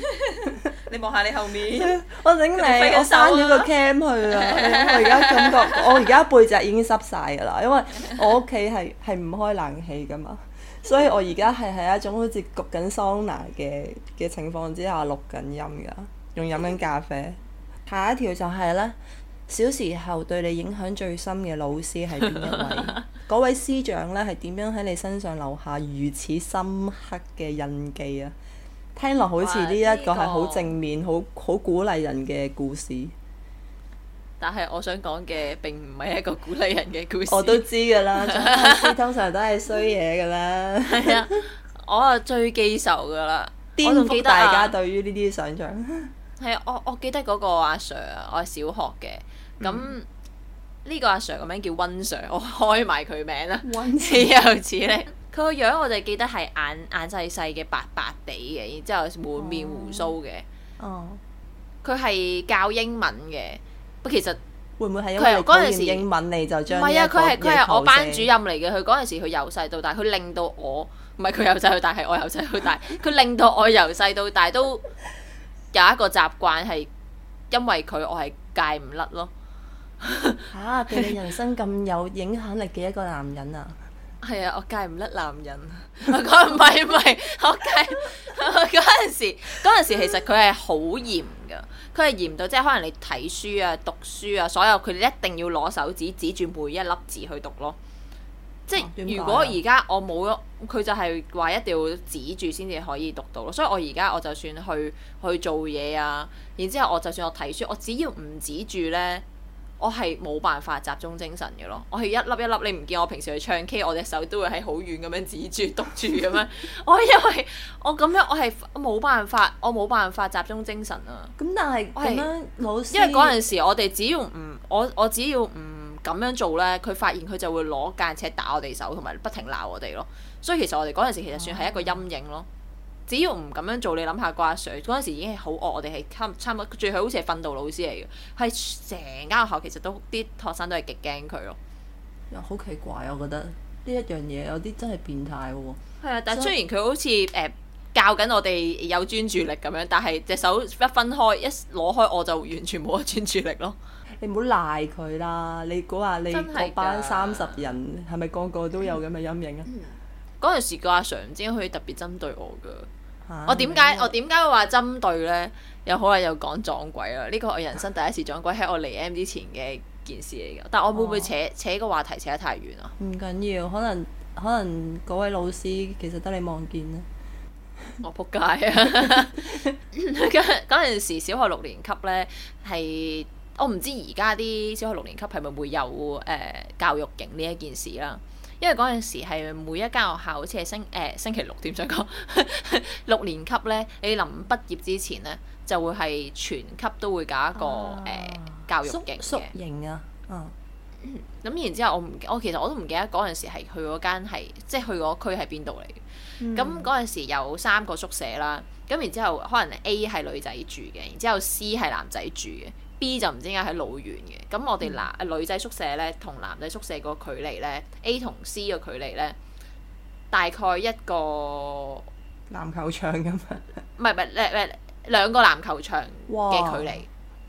你望下你後面， 我整你，我刪咗個 cam 去啦！ 我而家感覺，我而家背脊已經濕晒㗎啦，因為我屋企係係唔開冷氣㗎嘛，所以我而家係喺一種好似焗緊桑拿嘅嘅情況之下錄緊音㗎，仲飲緊咖啡。下一條就係呢。小時候對你影響最深嘅老師係邊一位？嗰 位師長咧係點樣喺你身上留下如此深刻嘅印記啊？聽落好似呢一個係好正面、好好鼓勵人嘅故事。但係我想講嘅並唔係一個鼓勵人嘅故事。我都知㗎啦，老師通常都係衰嘢㗎啦。係啊、 嗯，我啊最記仇㗎啦，顛覆大家對於呢啲想像。係啊，我我記得嗰個阿 Sir 啊，我係小學嘅。咁呢、嗯、個阿 Sir 個名叫温 Sir，我開埋佢名啦。温 Sir 又似咧。佢個樣我就記得係眼眼細細嘅，白白地嘅，然之後滿面胡鬚嘅。佢係、哦哦、教英文嘅，不其實會唔會係佢由嗰陣時英文時你就將唔係啊？佢係佢係我班主任嚟嘅。佢嗰陣時，佢由細到大，佢令到我唔係佢由細到大係我由細到大，佢令到我由細到大， 到大都有一個習慣係因為佢，我係戒唔甩咯。吓，對、 啊、你人生咁有影響力嘅一個男人啊，係啊，我戒唔甩男人，唔係唔係，唔係 我戒嗰陣時，嗰陣時其實佢係好嚴噶，佢係嚴到即係可能你睇書啊、讀書啊，所有佢一定要攞手指指住每一粒字去讀咯。即係、哦、如果而家我冇咗，佢就係話一定要指住先至可以讀到咯。所以我而家我就算去去做嘢啊，然之後我就算我睇書，我只要唔指住呢。我係冇辦法集中精神嘅咯，我係一粒一粒，你唔見我平時去唱 K，我隻手都會喺好遠咁樣指住篤住咁樣， 我因為我咁樣，我係冇辦法，我冇辦法集中精神啊。咁但係咁樣，老師因為嗰陣時我哋只要唔，我我只要唔咁樣做呢，佢發現佢就會攞戒尺打我哋手，同埋不停鬧我哋咯。所以其實我哋嗰陣時其實算係一個陰影咯。嗯只要唔咁樣做，你諗下，嗰阿 Sir 嗰陣時已經係好惡，我哋係差差唔多，最後佢好似係訓導老師嚟嘅，係成間學校其實都啲學生都係極驚佢咯。又好、呃、奇怪，我覺得呢一樣嘢有啲真係變態喎、哦。係啊，但係雖然佢好似誒的、呃、教緊我哋有專注力咁樣，但係隻手一分開一攞開，我就完全冇咗專注力咯。你唔好賴佢啦！你估下你個班三十人，係咪個個都有咁嘅陰影啊？ 嗯嗰陣時個阿 sir 唔知佢特別針對我噶，啊、我點解、啊、我點解會話針對呢？好又好能又講撞鬼啦！呢個我人生第一次撞鬼，喺我嚟 M 之前嘅件事嚟嘅。但我會唔會扯、哦、扯個話題扯得太遠啊？唔緊要，可能可能嗰位老師其實得你望見呢？我撲街啊！嗰嗰陣時小學六年級呢，係我唔知而家啲小學六年級係咪會有誒、呃、教育型呢一件事啦？因為嗰陣時係每一間學校好似係星誒星期六點上講，想 六年級咧，你臨畢業之前咧，就會係全級都會搞一個誒、啊、教育營宿營啊，咁、啊嗯、然之後我唔，我其實我都唔記得嗰陣時係去嗰間係，即係去嗰區係邊度嚟。咁嗰陣時有三個宿舍啦，咁然之後可能 A 係女仔住嘅，然之後 C 係男仔住嘅。B 就唔知點解喺老遠嘅，咁我哋男女仔宿舍呢，同男仔宿舍個距離呢，A 同 C 嘅距離呢，大概一個籃球場咁樣， 唔係唔係，唔係兩個籃球場嘅距離。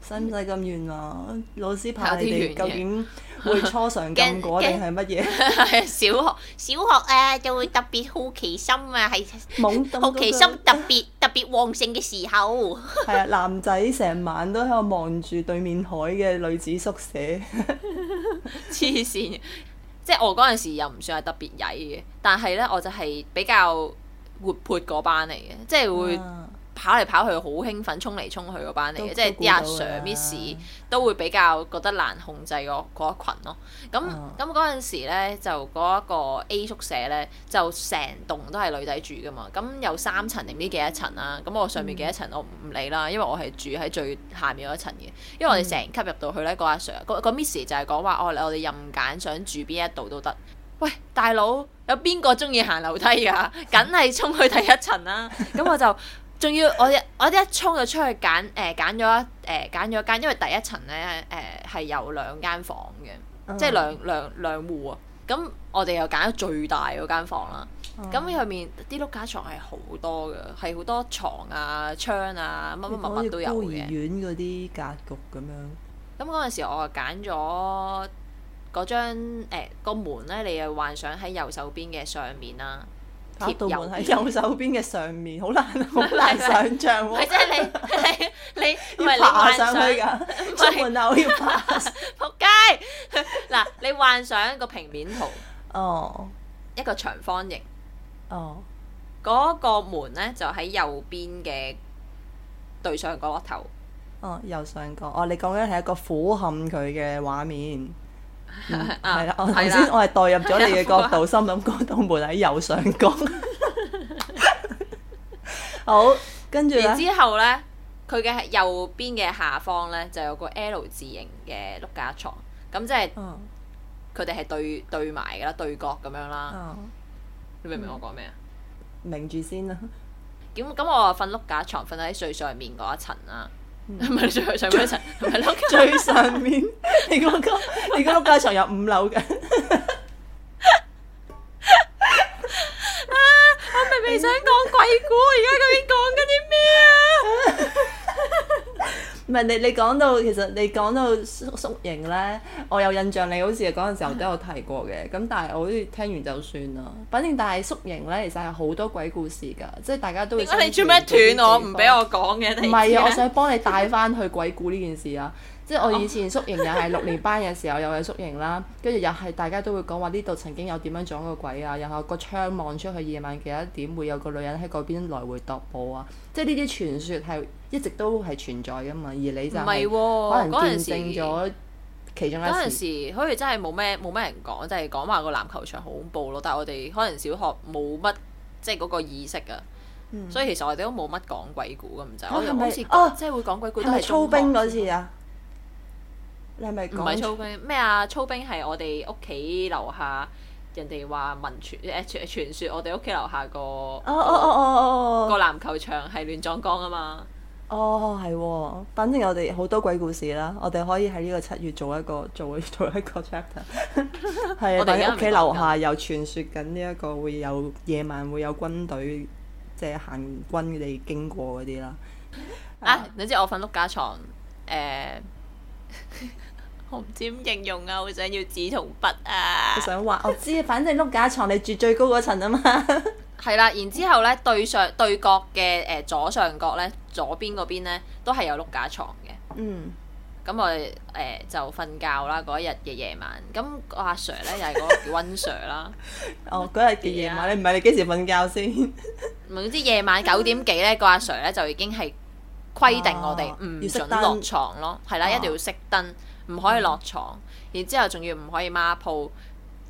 使唔使咁遠啊？老師怕你哋究竟會初嘗禁果定係乜嘢？小學小學誒就會特別好奇心啊，係好奇心特別， 特別，特別旺盛嘅時候。係 啊，男仔成晚都喺度望住對面海嘅女子宿舍。黐 線！即係我嗰陣時又唔算係特別曳嘅，但係呢，我就係比較活潑嗰班嚟嘅，即係會。啊跑嚟跑去好興奮，衝嚟衝去嗰班嚟嘅，即係啲阿 Sir、Miss 都，都會比較覺得難控制嗰嗰一羣咯。咁咁嗰陣時咧，就嗰一個 A 宿舍呢，就成棟都係女仔住噶嘛。咁有三層定唔知幾多層啦，啊。咁我上面幾多層我唔理啦，嗯因，因為我係住喺最下面嗰一層嘅。因為我哋成級入到去呢，個阿 Sir、個 Miss 就係講話：哦，我哋任揀想住邊一度都得。喂，大佬有邊個中意行樓梯㗎？梗係衝去第一層啦，啊。咁 我就～仲要我一我一衝就出去揀誒揀咗一誒揀咗間，因為第一層咧誒係有兩間房嘅，嗯、即係兩兩兩戶啊。咁我哋又揀咗最大嗰間房啦。咁後、嗯、面啲碌架床係好多嘅，係好多床啊、窗啊、乜乜乜乜都有嘅。幼兒園嗰啲格局咁樣。咁嗰陣時我又揀咗嗰張誒個、呃、門咧，你又幻想喺右手邊嘅上面啦。鐵門喺右手邊嘅上面，好難好難想象喎。即係你 你你要 喂爬上去噶， 是出門口要爬。仆街！嗱，你幻想一個平面圖哦，oh. 一個長方形哦，嗰、oh. 個門咧就喺右邊嘅對上嗰頭。哦，oh, 右上角。哦，你講緊係一個俯瞰佢嘅畫面。係啦，我頭先我係代入咗你嘅角度，啊、心諗嗰道門喺右上角。好、 嗯，跟住咧，之後咧，佢嘅右邊嘅下方咧就有個 L 字形嘅碌架床。咁即係佢哋係對對埋噶啦，對角咁樣啦。嗯、你明唔明我講咩啊、嗯？明住先啦。咁咁，我瞓碌架床，瞓喺最上面嗰一層啦。唔係你最上邊一層，唔係咯？Hmm. 最上面，你嗰、嗰個， 你嗰碌街上有五樓嘅。 啊！我明明想講鬼故，而家究竟講緊啲咩啊？ 唔係你，你講到，其實你講到宿宿營咧，我有印象你好似嗰陣時候都有提過嘅，咁但係我好似聽完就算啦。反正但係宿營咧，其實係好多鬼故事㗎，即係大家都。點解你做咩斷我唔俾我講嘅？唔係啊，我想幫你帶翻去鬼故呢件事啊！ 即係我以前宿營又係六年班嘅時候，又有宿營啦。跟住 又係大家都會講話呢度曾經有點樣撞過鬼啊。然後個窗望出去夜晚嘅一點會有個女人喺嗰邊來回踱步啊。即係呢啲傳說係一直都係存在噶嘛。而你就係可能見證咗其中一個。嗰陣時好似真係冇咩冇咩人講，就係講話個籃球場好恐怖咯。但係我哋可能小學冇乜即係嗰個意識啊，所以其實我哋都冇乜講鬼故咁就。我係咪哦？即係會講鬼故都係操兵嗰次啊！唔係操兵咩啊？操兵係我哋屋企樓下，人哋話聞傳誒、欸、傳說我哋屋企樓下個哦哦哦哦哦個籃球場係亂葬崗啊嘛！Oh, 哦，係喎，反正我哋好多鬼故事啦，我哋可以喺呢個七月做一個做做一個 chapter 對。係啊，我哋喺屋企樓下又傳説緊呢一個會有夜晚會有軍隊即係行軍嘅經過嗰啲啦。Uh, 啊，你知我瞓碌架床！誒、欸？我唔知點形容啊，好想要紙同筆啊！我想畫，我知，反正碌架床你住最高嗰層啊嘛。係啦，然之後咧，對上對角嘅，誒左上角咧，左邊嗰邊咧都係有碌架床嘅。嗯，咁我哋就瞓覺啦。嗰一日嘅夜晚，咁個阿 sir 咧又係嗰個叫溫 sir 啦。哦，嗰日嘅夜晚，你唔係，你幾時瞓覺先？唔知夜晚九點幾咧，個阿 sir 咧就已經係。規定我哋唔準落床咯，係、啊、啦，一定要熄燈，唔可以落床。然之後仲要唔可以孖鋪。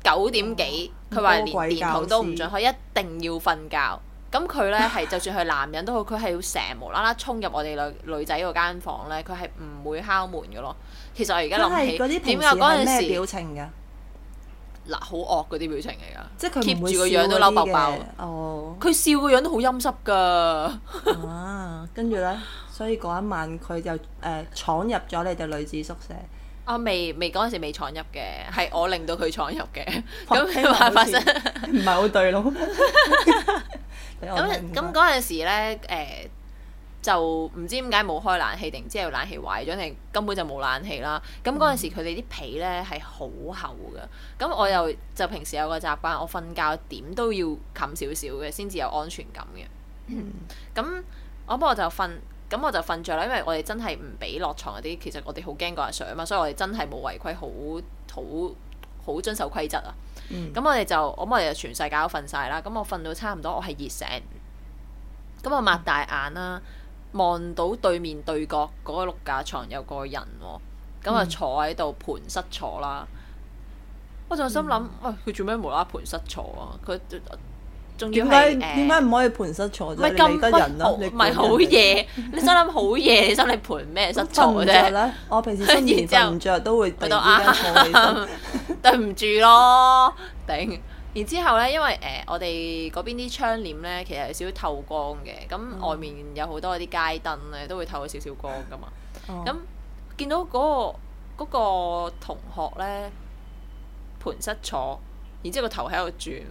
九點幾，佢話連電筒都唔準，佢一定要瞓覺。咁、嗯、佢呢，係， 就算係男人都好，佢係要成無啦啦衝入我哋女女仔嗰間房呢。佢係唔會敲門嘅咯。其實我而家諗起，點解嗰陣時表情噶？嗱，好惡嗰啲表情嚟噶，即係佢 keep 住個樣都嬲爆爆。佢笑個樣都好陰濕噶。跟住呢。所以嗰一晚佢就誒、呃、闖入咗你哋女子宿舍。啊，未未嗰陣時未闖入嘅，係我令到佢闖入嘅。咁點解發生？唔係那 好 對路。咁咁嗰陣時咧誒、呃，就唔知點解冇開冷氣定之後冷氣壞咗定根本就冇冷氣啦。咁嗰陣時佢哋啲被咧係好厚嘅。咁、嗯、我又就平時有個習慣，我瞓覺點都要冚少少嘅先至有安全感嘅。咁、嗯、我不過就瞓。咁我就瞓着啦，因為我哋真係唔俾落床嗰啲，其實我哋好驚過阿 Sir 啊嘛，所以我哋真係冇違規，好好好遵守規則啊。咁、嗯、我哋就，我哋就全世界都瞓晒啦。咁我瞓到差唔多，我係熱醒。咁我擘大眼啦、啊，望、嗯、到對面對角嗰個碌架床有個人喎、哦，咁啊坐喺度盤膝坐啦。嗯、我就心諗，喂佢做咩無啦啦盤膝坐啊？佢，仲要係點解唔可以盤室坐？唔係咁屈，唔係好夜。你真諗好夜，你真係盤咩室坐咧？我平時瞓完之後，唔著都會喺到啱。對唔住咯，頂。然之後咧，因為誒我哋嗰邊啲窗簾咧，其實有少少透光嘅。咁外面有好多嗰啲街燈咧，都會透咗少少光噶嘛。咁見到嗰個嗰個同學咧盤室坐，然之後個頭喺度轉。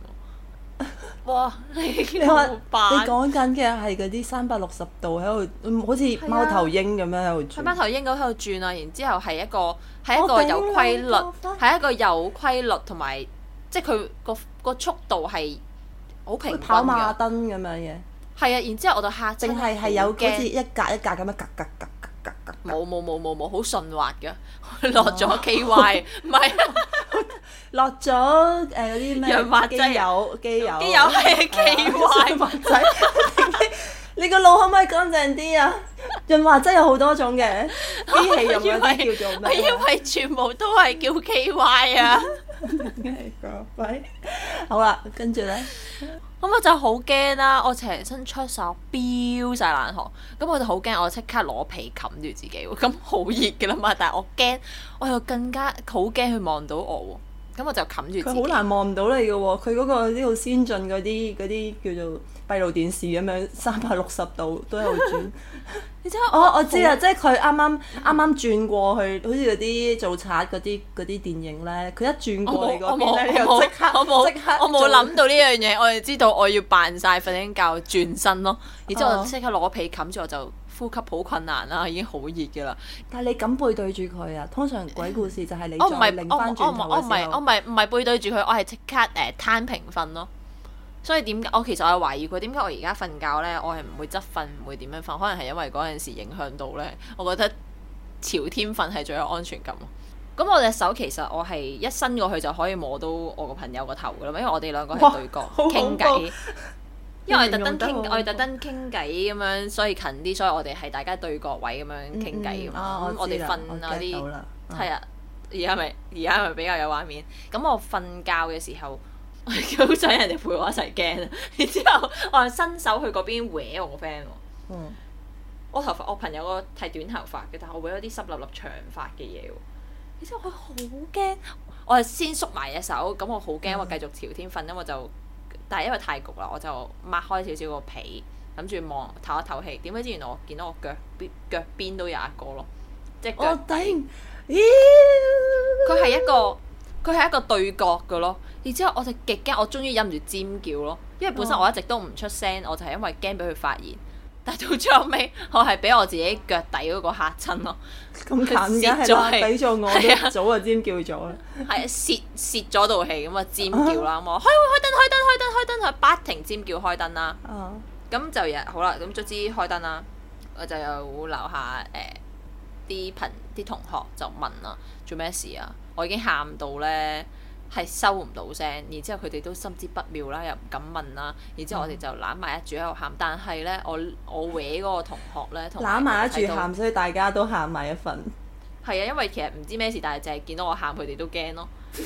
哇！你講緊嘅係嗰啲三百六十度喺度，好似貓頭鷹咁樣喺度轉。喺貓頭鷹咁喺度轉啊！然之後係一個，係一個有規律，係、哦嗰個、一個有規律同埋，即係佢、嗰個、嗰個速度係好平穩嘅。跑馬燈咁樣嘅。係啊！然之後我就嚇淨係係有好似一格一格咁樣格格，格格格。冇冇冇冇冇，好順滑嘅，落咗 KY，唔係、 啊，落咗誒啲咩潤滑劑有機油，機油係、啊、KY 潤、 啊、滑劑。 你個腦可唔可以乾淨啲啊？ 潤滑劑有好多種嘅，機器用嘅叫做咩？我以為全部都係叫 KY 啊。係個鬼。好啦、啊，跟住咧。咁我就好驚啦！我成身出手飆晒冷汗。咁我就好驚，我即刻攞被冚住自己喎。咁好熱㗎啦嘛， 但係我驚，我又更加好驚佢望到我喎。咁我就冚住。佢好難望唔到你嘅喎、哦，佢嗰個啲好先進嗰啲，嗰啲叫做。閉路電視咁樣三百六十度都喺度轉， 你知的 我我，好我，我知啊， 即係佢啱啱啱啱轉過去，好似嗰啲做賊嗰啲啲電影咧，佢一轉過嚟嗰邊咧，又即刻我冇我冇諗到呢樣嘢，我哋知道我要扮晒瞓緊覺轉身咯，然之後我即刻攞被冚住我就呼吸好困難啦，已經好熱㗎啦。但係你咁背對住佢啊，通常鬼故事就係你再靈翻轉嗰時咯。我唔係我唔我唔我唔係背對住佢，我係即刻誒攤平瞓咯。呃呃呃呃呃呃呃呃所以點解，我、哦、其實我係懷疑佢點解我而家瞓覺咧，我係唔會側瞓，唔會點樣瞓？可能係因為嗰陣時影響到咧。我覺得朝天瞓係最有安全感。咁我隻手其實我係一伸過去就可以摸到我個朋友個頭噶啦，因為我哋兩個係對角傾偈。因為我哋特登傾，我哋特登傾偈咁樣，所以近啲，所以我哋係大家對角位咁樣傾偈、嗯、啊！我哋瞓嗰啲係啊，而家係咪而家係咪比較有畫面？咁我瞓覺嘅時候。我好想人哋陪我一齊驚啊！然之後我就伸手去嗰邊搲我個 friend 喎。嗯、我頭髮，我朋友個剃短頭髮嘅，但係我搲有啲濕立立長髮嘅嘢喎。然之後佢好驚，我係先縮埋隻手，咁我好驚，我繼續朝天瞓，嗯、因為就，但係因為太焗啦，我就抹開少少個被，諗住望透一透氣。點解之前我見到我腳邊腳邊都有一個咯，即係腳頂定，佢係一個，佢係一個對角嘅咯。然之後我極，我就極驚，我終於忍唔住尖叫咯，因為本身我一直都唔出聲，我就係因為驚俾佢發現。但到最後尾，我係俾我自己腳底嗰個嚇親咯。咁慘嘅係啦，俾咗吧我、啊、早就尖叫咗啦。係啊，泄泄咗道氣咁啊，尖叫啦，啊、我開開燈，開燈，開燈，開燈，佢不停尖叫開燈啦。咁、啊、就日，好啦，咁卒之開燈啦，我就又留下誒啲、呃、朋啲同學就問啊，做咩事啊？我已經喊到咧。係收唔到聲，然之後佢哋都心知不妙啦，又唔敢問啦。然之後我哋就攬埋一住喺度喊，嗯、但係呢，我我搲嗰個同學呢，攬埋一住喊，所以大家都喊埋一份。係啊，因為其實唔知咩事，但係淨係見到我喊，佢哋都驚咯，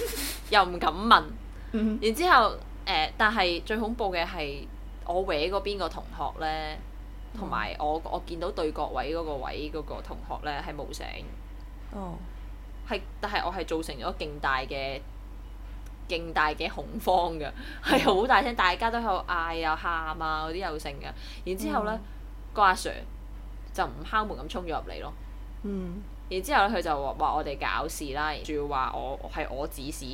又唔敢問。 然之後，誒、呃，但係最恐怖嘅係我搲嗰邊個同學呢，同埋我、嗯、我，我見到對角位嗰個位嗰個同學呢，係冇聲。哦。係，但係我係造成咗勁大嘅。勁大嘅恐慌㗎，係好大聲，嗯、大家都喺度嗌啊喊啊，嗰啲又成啊。然之後呢、嗯、個阿 Sir 就唔敲門咁衝咗入嚟咯。然之後咧，佢就話：我哋搞事啦，仲要話我係我指使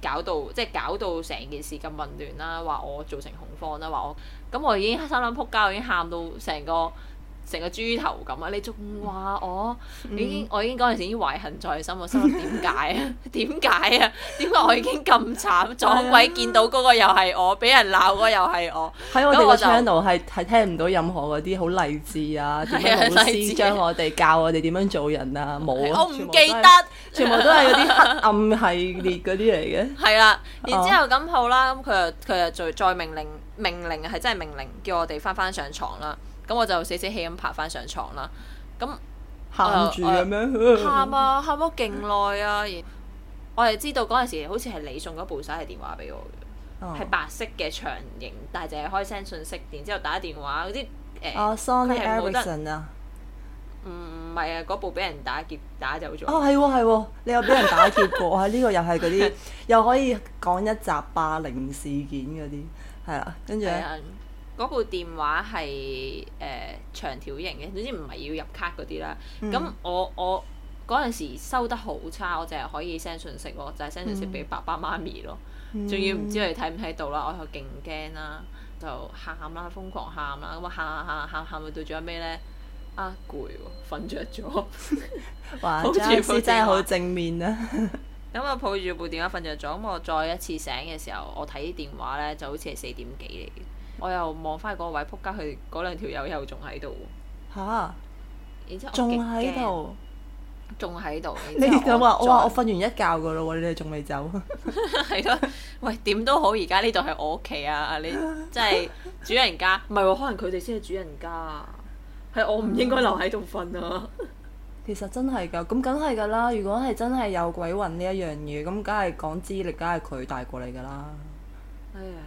搞到，即係搞到成件事咁混亂啦，話我造成恐慌啦，話我。咁我，我已經心諗撲街，我已經喊到成個成個豬頭咁啊！你仲話我，已經我已經嗰、嗯、陣時已經懷恨在心，我心諗點解啊？點解 啊？點解我已經咁慘，撞鬼見到嗰個又係我，俾人鬧嗰又係我。喺對我哋個 channel 係係聽唔到任何嗰啲好勵志啊，點樣老師將我哋教我哋點樣做人啊？冇，我唔記得，全部都係嗰啲黑暗系列嗰啲嚟嘅。係啦， 然之後咁好啦，咁佢又佢又再再命令命令係真係命令，叫我哋返返上床啦。咁我就死死氣咁爬翻上床啦。咁喊住咁樣，喊啊，喊咗勁耐啊。嗯、我哋知道嗰陣時，好似係你送嗰部手提電話俾我嘅，係、哦、白色嘅長形，大隻，開聲信息，然之後打電話嗰啲誒，佢係冇啊，唔係啊，嗰部俾人打劫打走咗。哦，係喎係喎，你又俾人打劫過 啊？呢、呢個又係嗰啲，又可以講一集霸凌事件嗰啲，係啊，跟住 嗰部電話係誒、呃、長條型嘅，總之唔係要入卡嗰啲啦。咁、嗯、我我嗰陣時收得好差，我淨係可以 send 信息喎，就係 send 信息俾爸爸媽咪咯。仲要唔知佢哋睇唔睇到啦，我又勁驚啦，嗯、就喊啦，瘋狂喊啦。咁、呃、啊喊喊喊喊喊到最最咩呢？啊攰喎，瞓着咗。真係好正面啊！咁啊抱住部電話瞓着咗。咁我再一次醒嘅時候，我睇電話呢就好似係四點幾嚟嘅。我又望翻嗰位仆街，佢嗰兩條友又仲喺度。嚇哈！仲喺度，仲喺度。你又話我話我瞓完一覺㗎咯喎，你哋仲未走？係咯、 啊，喂，點都好，而家呢度係我屋企啊！你即係主人家，唔係喎，可能佢哋先係主人家啊。係我唔應該留喺度瞓啊、嗯！其實真係㗎，咁梗係㗎啦。如果係真係有鬼魂呢一樣嘢，咁梗係講資歷，梗係佢帶過嚟㗎啦。係啊。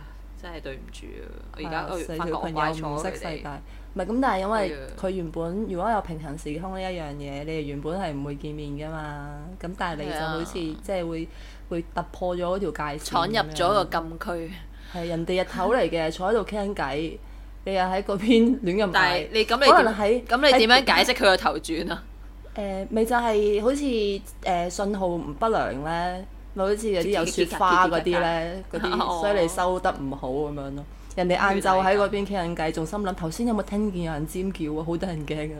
真係對唔住啊！而家細小朋友唔識世界，唔係咁，但係因為佢原本如果有平行時空呢一樣嘢，你哋原本係唔會見面嘅嘛。咁但係你就好似即係會會突破咗嗰條界線，闖入咗個禁區。係人哋日頭嚟嘅，坐喺度傾緊偈，你又喺嗰邊亂咁，你咁你點？咁你點樣解釋佢個頭轉啊？誒，咪就係好似誒信號唔不良咧。好似有啲有雪花嗰啲咧，嗰啲所以你收得唔好咁樣咯。人哋晏晝喺嗰邊傾緊偈，仲心諗頭先有冇聽見有人尖叫啊？好得人驚啊！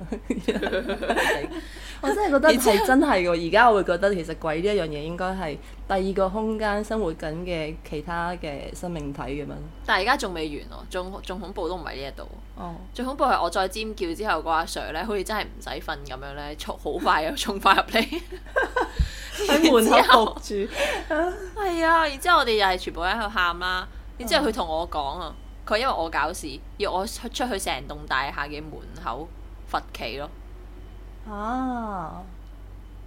我真係覺得係真係嘅。而家我會覺得其實鬼呢一樣嘢應該係第二個空間生活緊嘅其他嘅生命體，咁樣但、啊。但係而家仲未完喎，仲仲恐怖都唔係呢一度。哦，最恐怖係我再尖叫之後，個阿 Sir 咧好似真係唔使瞓咁樣咧，速好快又衝翻入嚟。 喺門口焗住後，係、 哎、啊！ 然之後我哋又係全部喺度喊啦。然之後佢同我講啊，佢、嗯、因為我搞事，要我出出去成棟大廈嘅門口罰企咯。啊、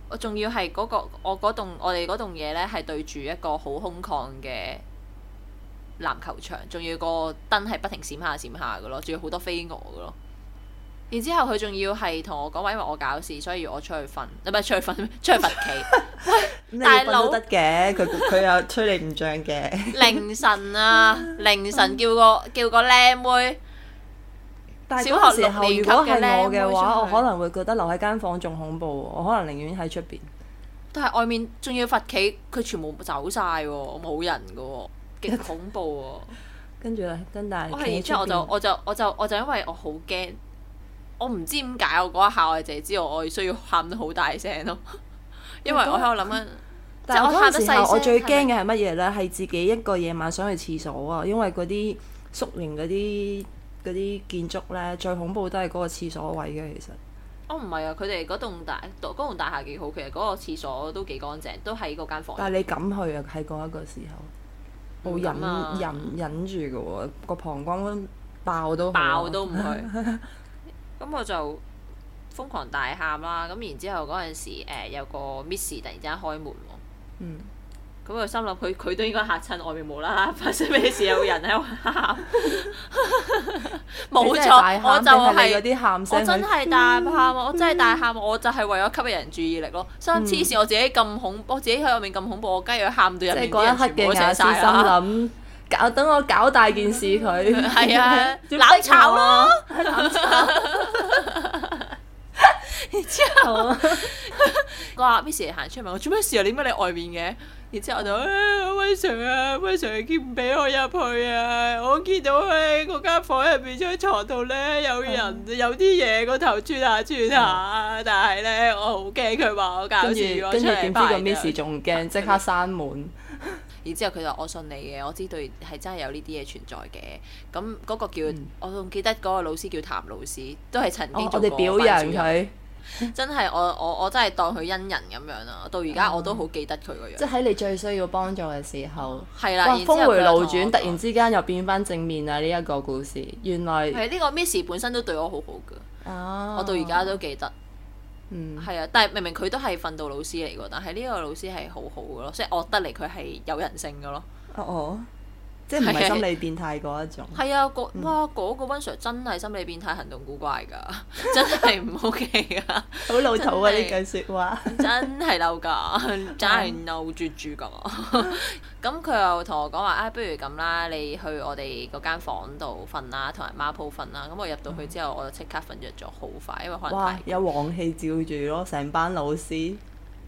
那個！我仲要係嗰個我嗰棟我哋嗰棟嘢呢，係對住一個好空曠嘅籃球場，仲要個燈係不停閃下閃下㗎咯，仲要好多飛蛾㗎咯。然之後佢仲要係同我講話，因為我搞事，所以要我出去瞓，唔係出去瞓，出去罰企。但係老得嘅，佢佢又吹你唔脹嘅。凌晨啊，凌晨叫個叫個靚妹。小學六年級嘅靚妹，如果係我嘅話，我可能會覺得留喺間房仲恐怖，我可能寧願喺出邊。但係外面仲要罰企，佢全部走曬喎，冇人嘅，極恐怖。跟住咧，跟大。我係然之後我就我就我就我就因為我好驚。我唔知點解，我嗰一下我就係知道我需要喊得好大聲咯，因為我喺度諗緊。但係嗰個時候我最驚嘅係乜嘢呢？係嗎自己一個夜晚想去廁所啊！因為嗰啲宿營嗰啲啲建築呢，最恐怖都係嗰個廁所位嘅。其實哦，唔係啊，佢哋嗰棟大嗰棟大廈幾好，其實嗰個廁所都幾乾淨，都喺嗰間房。但係你敢去啊？喺嗰一個時候，冇、啊、忍忍，忍，忍住嘅喎、啊，個膀胱爆都爆都唔去。 咁我就瘋狂大喊啦！咁然之後嗰陣時、呃，有個 miss 突然之間開門喎。嗯。咁我心諗，佢佢都應該嚇親，外面冇啦啦發生咩事，有人喺度喊。冇 錯，我就係嗰啲喊聲，我真係大喊啊！嗯、我真係大喊、啊，嗯、我就係為咗吸引人注意力咯。想黐線，我自己咁恐怖，我自己喺外面咁恐怖，我梗係要喊到入面啲人全部聲曬啦。搞等我搞大件事佢，係啊，鬧潮咯。然之後個阿 miss 行出嚟問我做咩事啊？點解你外面嘅？然之後我就誒好威 sir 啊，威 sir 已經唔俾我入去啊！我見到咧嗰間房入邊張床度咧，有人有啲嘢，個頭轉下轉下，但係咧我好驚佢話我搞事，我跟住跟住點知個 miss 仲驚，即刻閂門。之後佢就我信你嘅，我知道對係真係有呢啲嘢存在嘅。咁嗰個叫、嗯、我仲記得嗰個老師叫譚老師，都係曾經做過我哋表揚佢，真係我我我真係當佢恩人咁樣啊。到而家我都好記得佢個樣。嗯、 即喺你最需要幫助嘅時候，係啦，峰回路轉，突然之間又變翻正面啊！呢、這、一個故事，原來係呢個 Miss 本身都對我好好噶。我到而家都記得。啊嗯，係啊，但係明明佢都係訓導老師嚟噶，但係呢個老師係好好噶咯，即係惡得嚟佢係有人性噶咯。哦哦。即係唔係心理變態嗰一種？係啊對，嗰、嗯、哇嗰、嗰個温 Sir 真係心理變態，行動古怪㗎， 真係唔 OK 㗎，好老土啊呢句説話， 真係嬲㗎，嗯、真係嬲住住㗎。咁 佢又同我講話啊，不如咁啦，你去我哋嗰間房度瞓啦，同埋孖鋪瞓啦。咁我入到去之後，嗯、我就即刻瞓着咗好快，因為可能有皇氣照住咯，成班老師。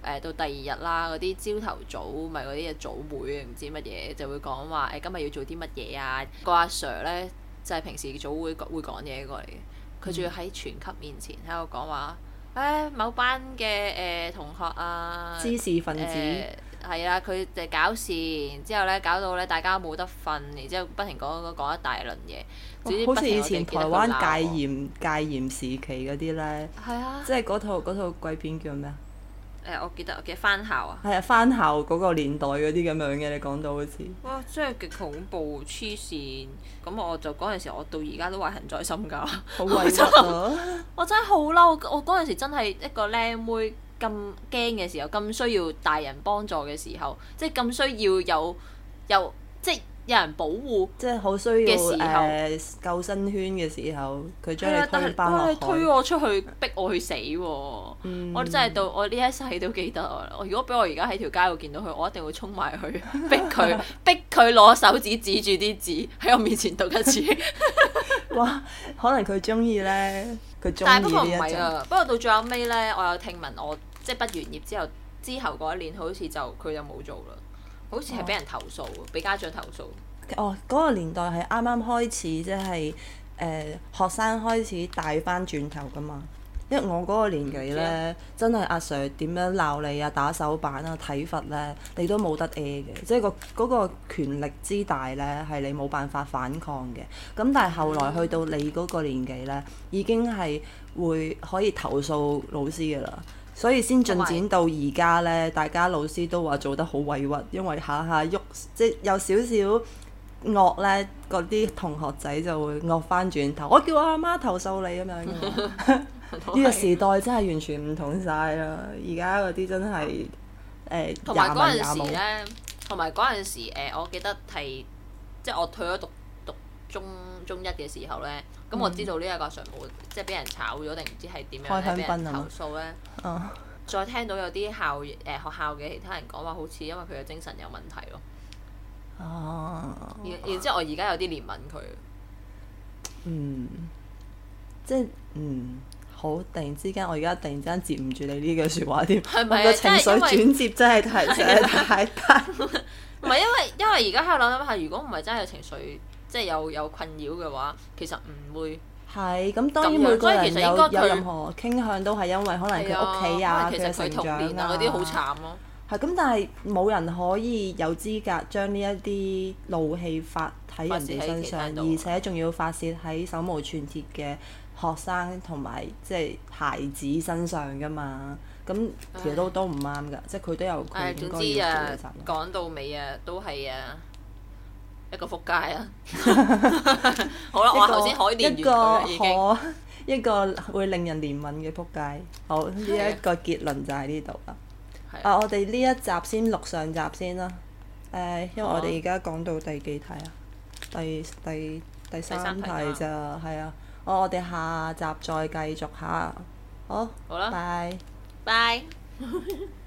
誒到第二日啦，嗰啲朝頭早咪嗰啲嘅早會唔知乜嘢，就會講話誒，今日要做啲乜嘢啊？個阿 sir 咧就係、是、平時早會講會講嘢過嚟嘅，佢仲要喺全級面前喺度講話誒、哎，某班嘅誒、呃、同學啊，滋事分子係、呃、啊，佢就搞事，之後咧搞到咧大家冇得瞓，然之，之後不停講講一大輪嘢、哦，好似以前台灣戒嚴戒嚴時期嗰啲咧，係是啊，即係嗰套嗰套鬼片叫咩啊？誒、呃，我記得我記得返校啊，係啊，返校嗰個年代嗰啲咁樣嘅，你講到好似哇，真係極恐怖、黐線咁，我就嗰陣時我到而家都懷恨在心㗎，好委屈，我真係好嬲，我嗰陣時真係一個靚妹咁驚嘅時候，咁需要大人幫助嘅時候，即係咁需要有有有人保護，即係好需要嘅時候，救生圈嘅時候，佢將佢推我出去，逼我去死，啊，嗯、我真係到我呢一世都記得我。我如果俾我而家喺條街度見到佢，我一定會衝埋去，逼佢， 逼佢攞手指指住啲字喺我面前讀一次。 哇！可能佢中意咧，佢中意呢一種。但係唔係啊， 不過到最後尾咧，我有聽聞我，我即係畢完業之後，之後嗰一年好似就佢就冇做啦。好似係俾人投訴，俾、哦、家長投訴。哦，嗰、嗰個年代係啱啱開始，即係誒學生開始大翻轉頭噶嘛。因為我嗰個年紀呢，嗯、真係阿 Sir 點樣鬧你啊、打手板啊、體罰呢，你都冇得 a 嘅。即、就、係、是、個嗰、嗰個權力之大呢，係你冇辦法反抗嘅。咁但係後來去到你嗰個年紀呢，嗯、已經係會可以投訴老師噶啦。所以先進展到而家呢，大家老師都話做得好委屈，因為下下喐即有少少惡呢，嗰啲同學仔就會惡翻轉頭。我叫我阿媽，媽投訴你咁樣。呢 個時代真係完全唔同晒啦！而家嗰啲真係誒。同埋嗰陣時咧，同埋嗰陣時、呃、我記得係即我退咗讀讀中。中一嘅時候呢，咁我知道呢一個常務即係俾人炒咗，定唔知係點樣喺邊度投訴咧？啊、再聽到有啲校誒、呃、學校嘅其他人講話，好似因為佢嘅精神有問題咯。然、啊、之後我，我而家有啲憐憫佢。嗯。即係嗯，好突然之間，我而家突然之間接唔住你呢句説話添。係咪、啊、情緒轉接真係太唔啊？因為因為而家喺度諗諗下，如果唔係真係有情緒。即係有有困擾嘅話，其實唔會係咁。當然每個人都有，有任何傾向，都係因為可能佢屋企啊，佢、啊、成長啊嗰啲好慘咯、啊。係咁，但係冇人可以有資格將呢一啲怒氣發喺人哋身上，而且仲要發泄喺手無寸鐵嘅學生同埋即係孩子身上㗎嘛？咁其實都、哎、都唔啱㗎，即係佢都有佢應該要負嘅責任。總之啊，講到尾啊，都係啊。一個仆街啊！ 好啦， 個我頭先海蓮已經一個可一個會令人憐憫嘅仆街。好，呢的一個結論就喺呢度啦。的啊，我哋呢一集先錄上集先啦。呃、因為、啊、我哋而家講到第幾題啊？第第第，第三題咋？係啊。哦、啊，我哋下集再繼續下。好。好啦。拜拜 Bye。Bye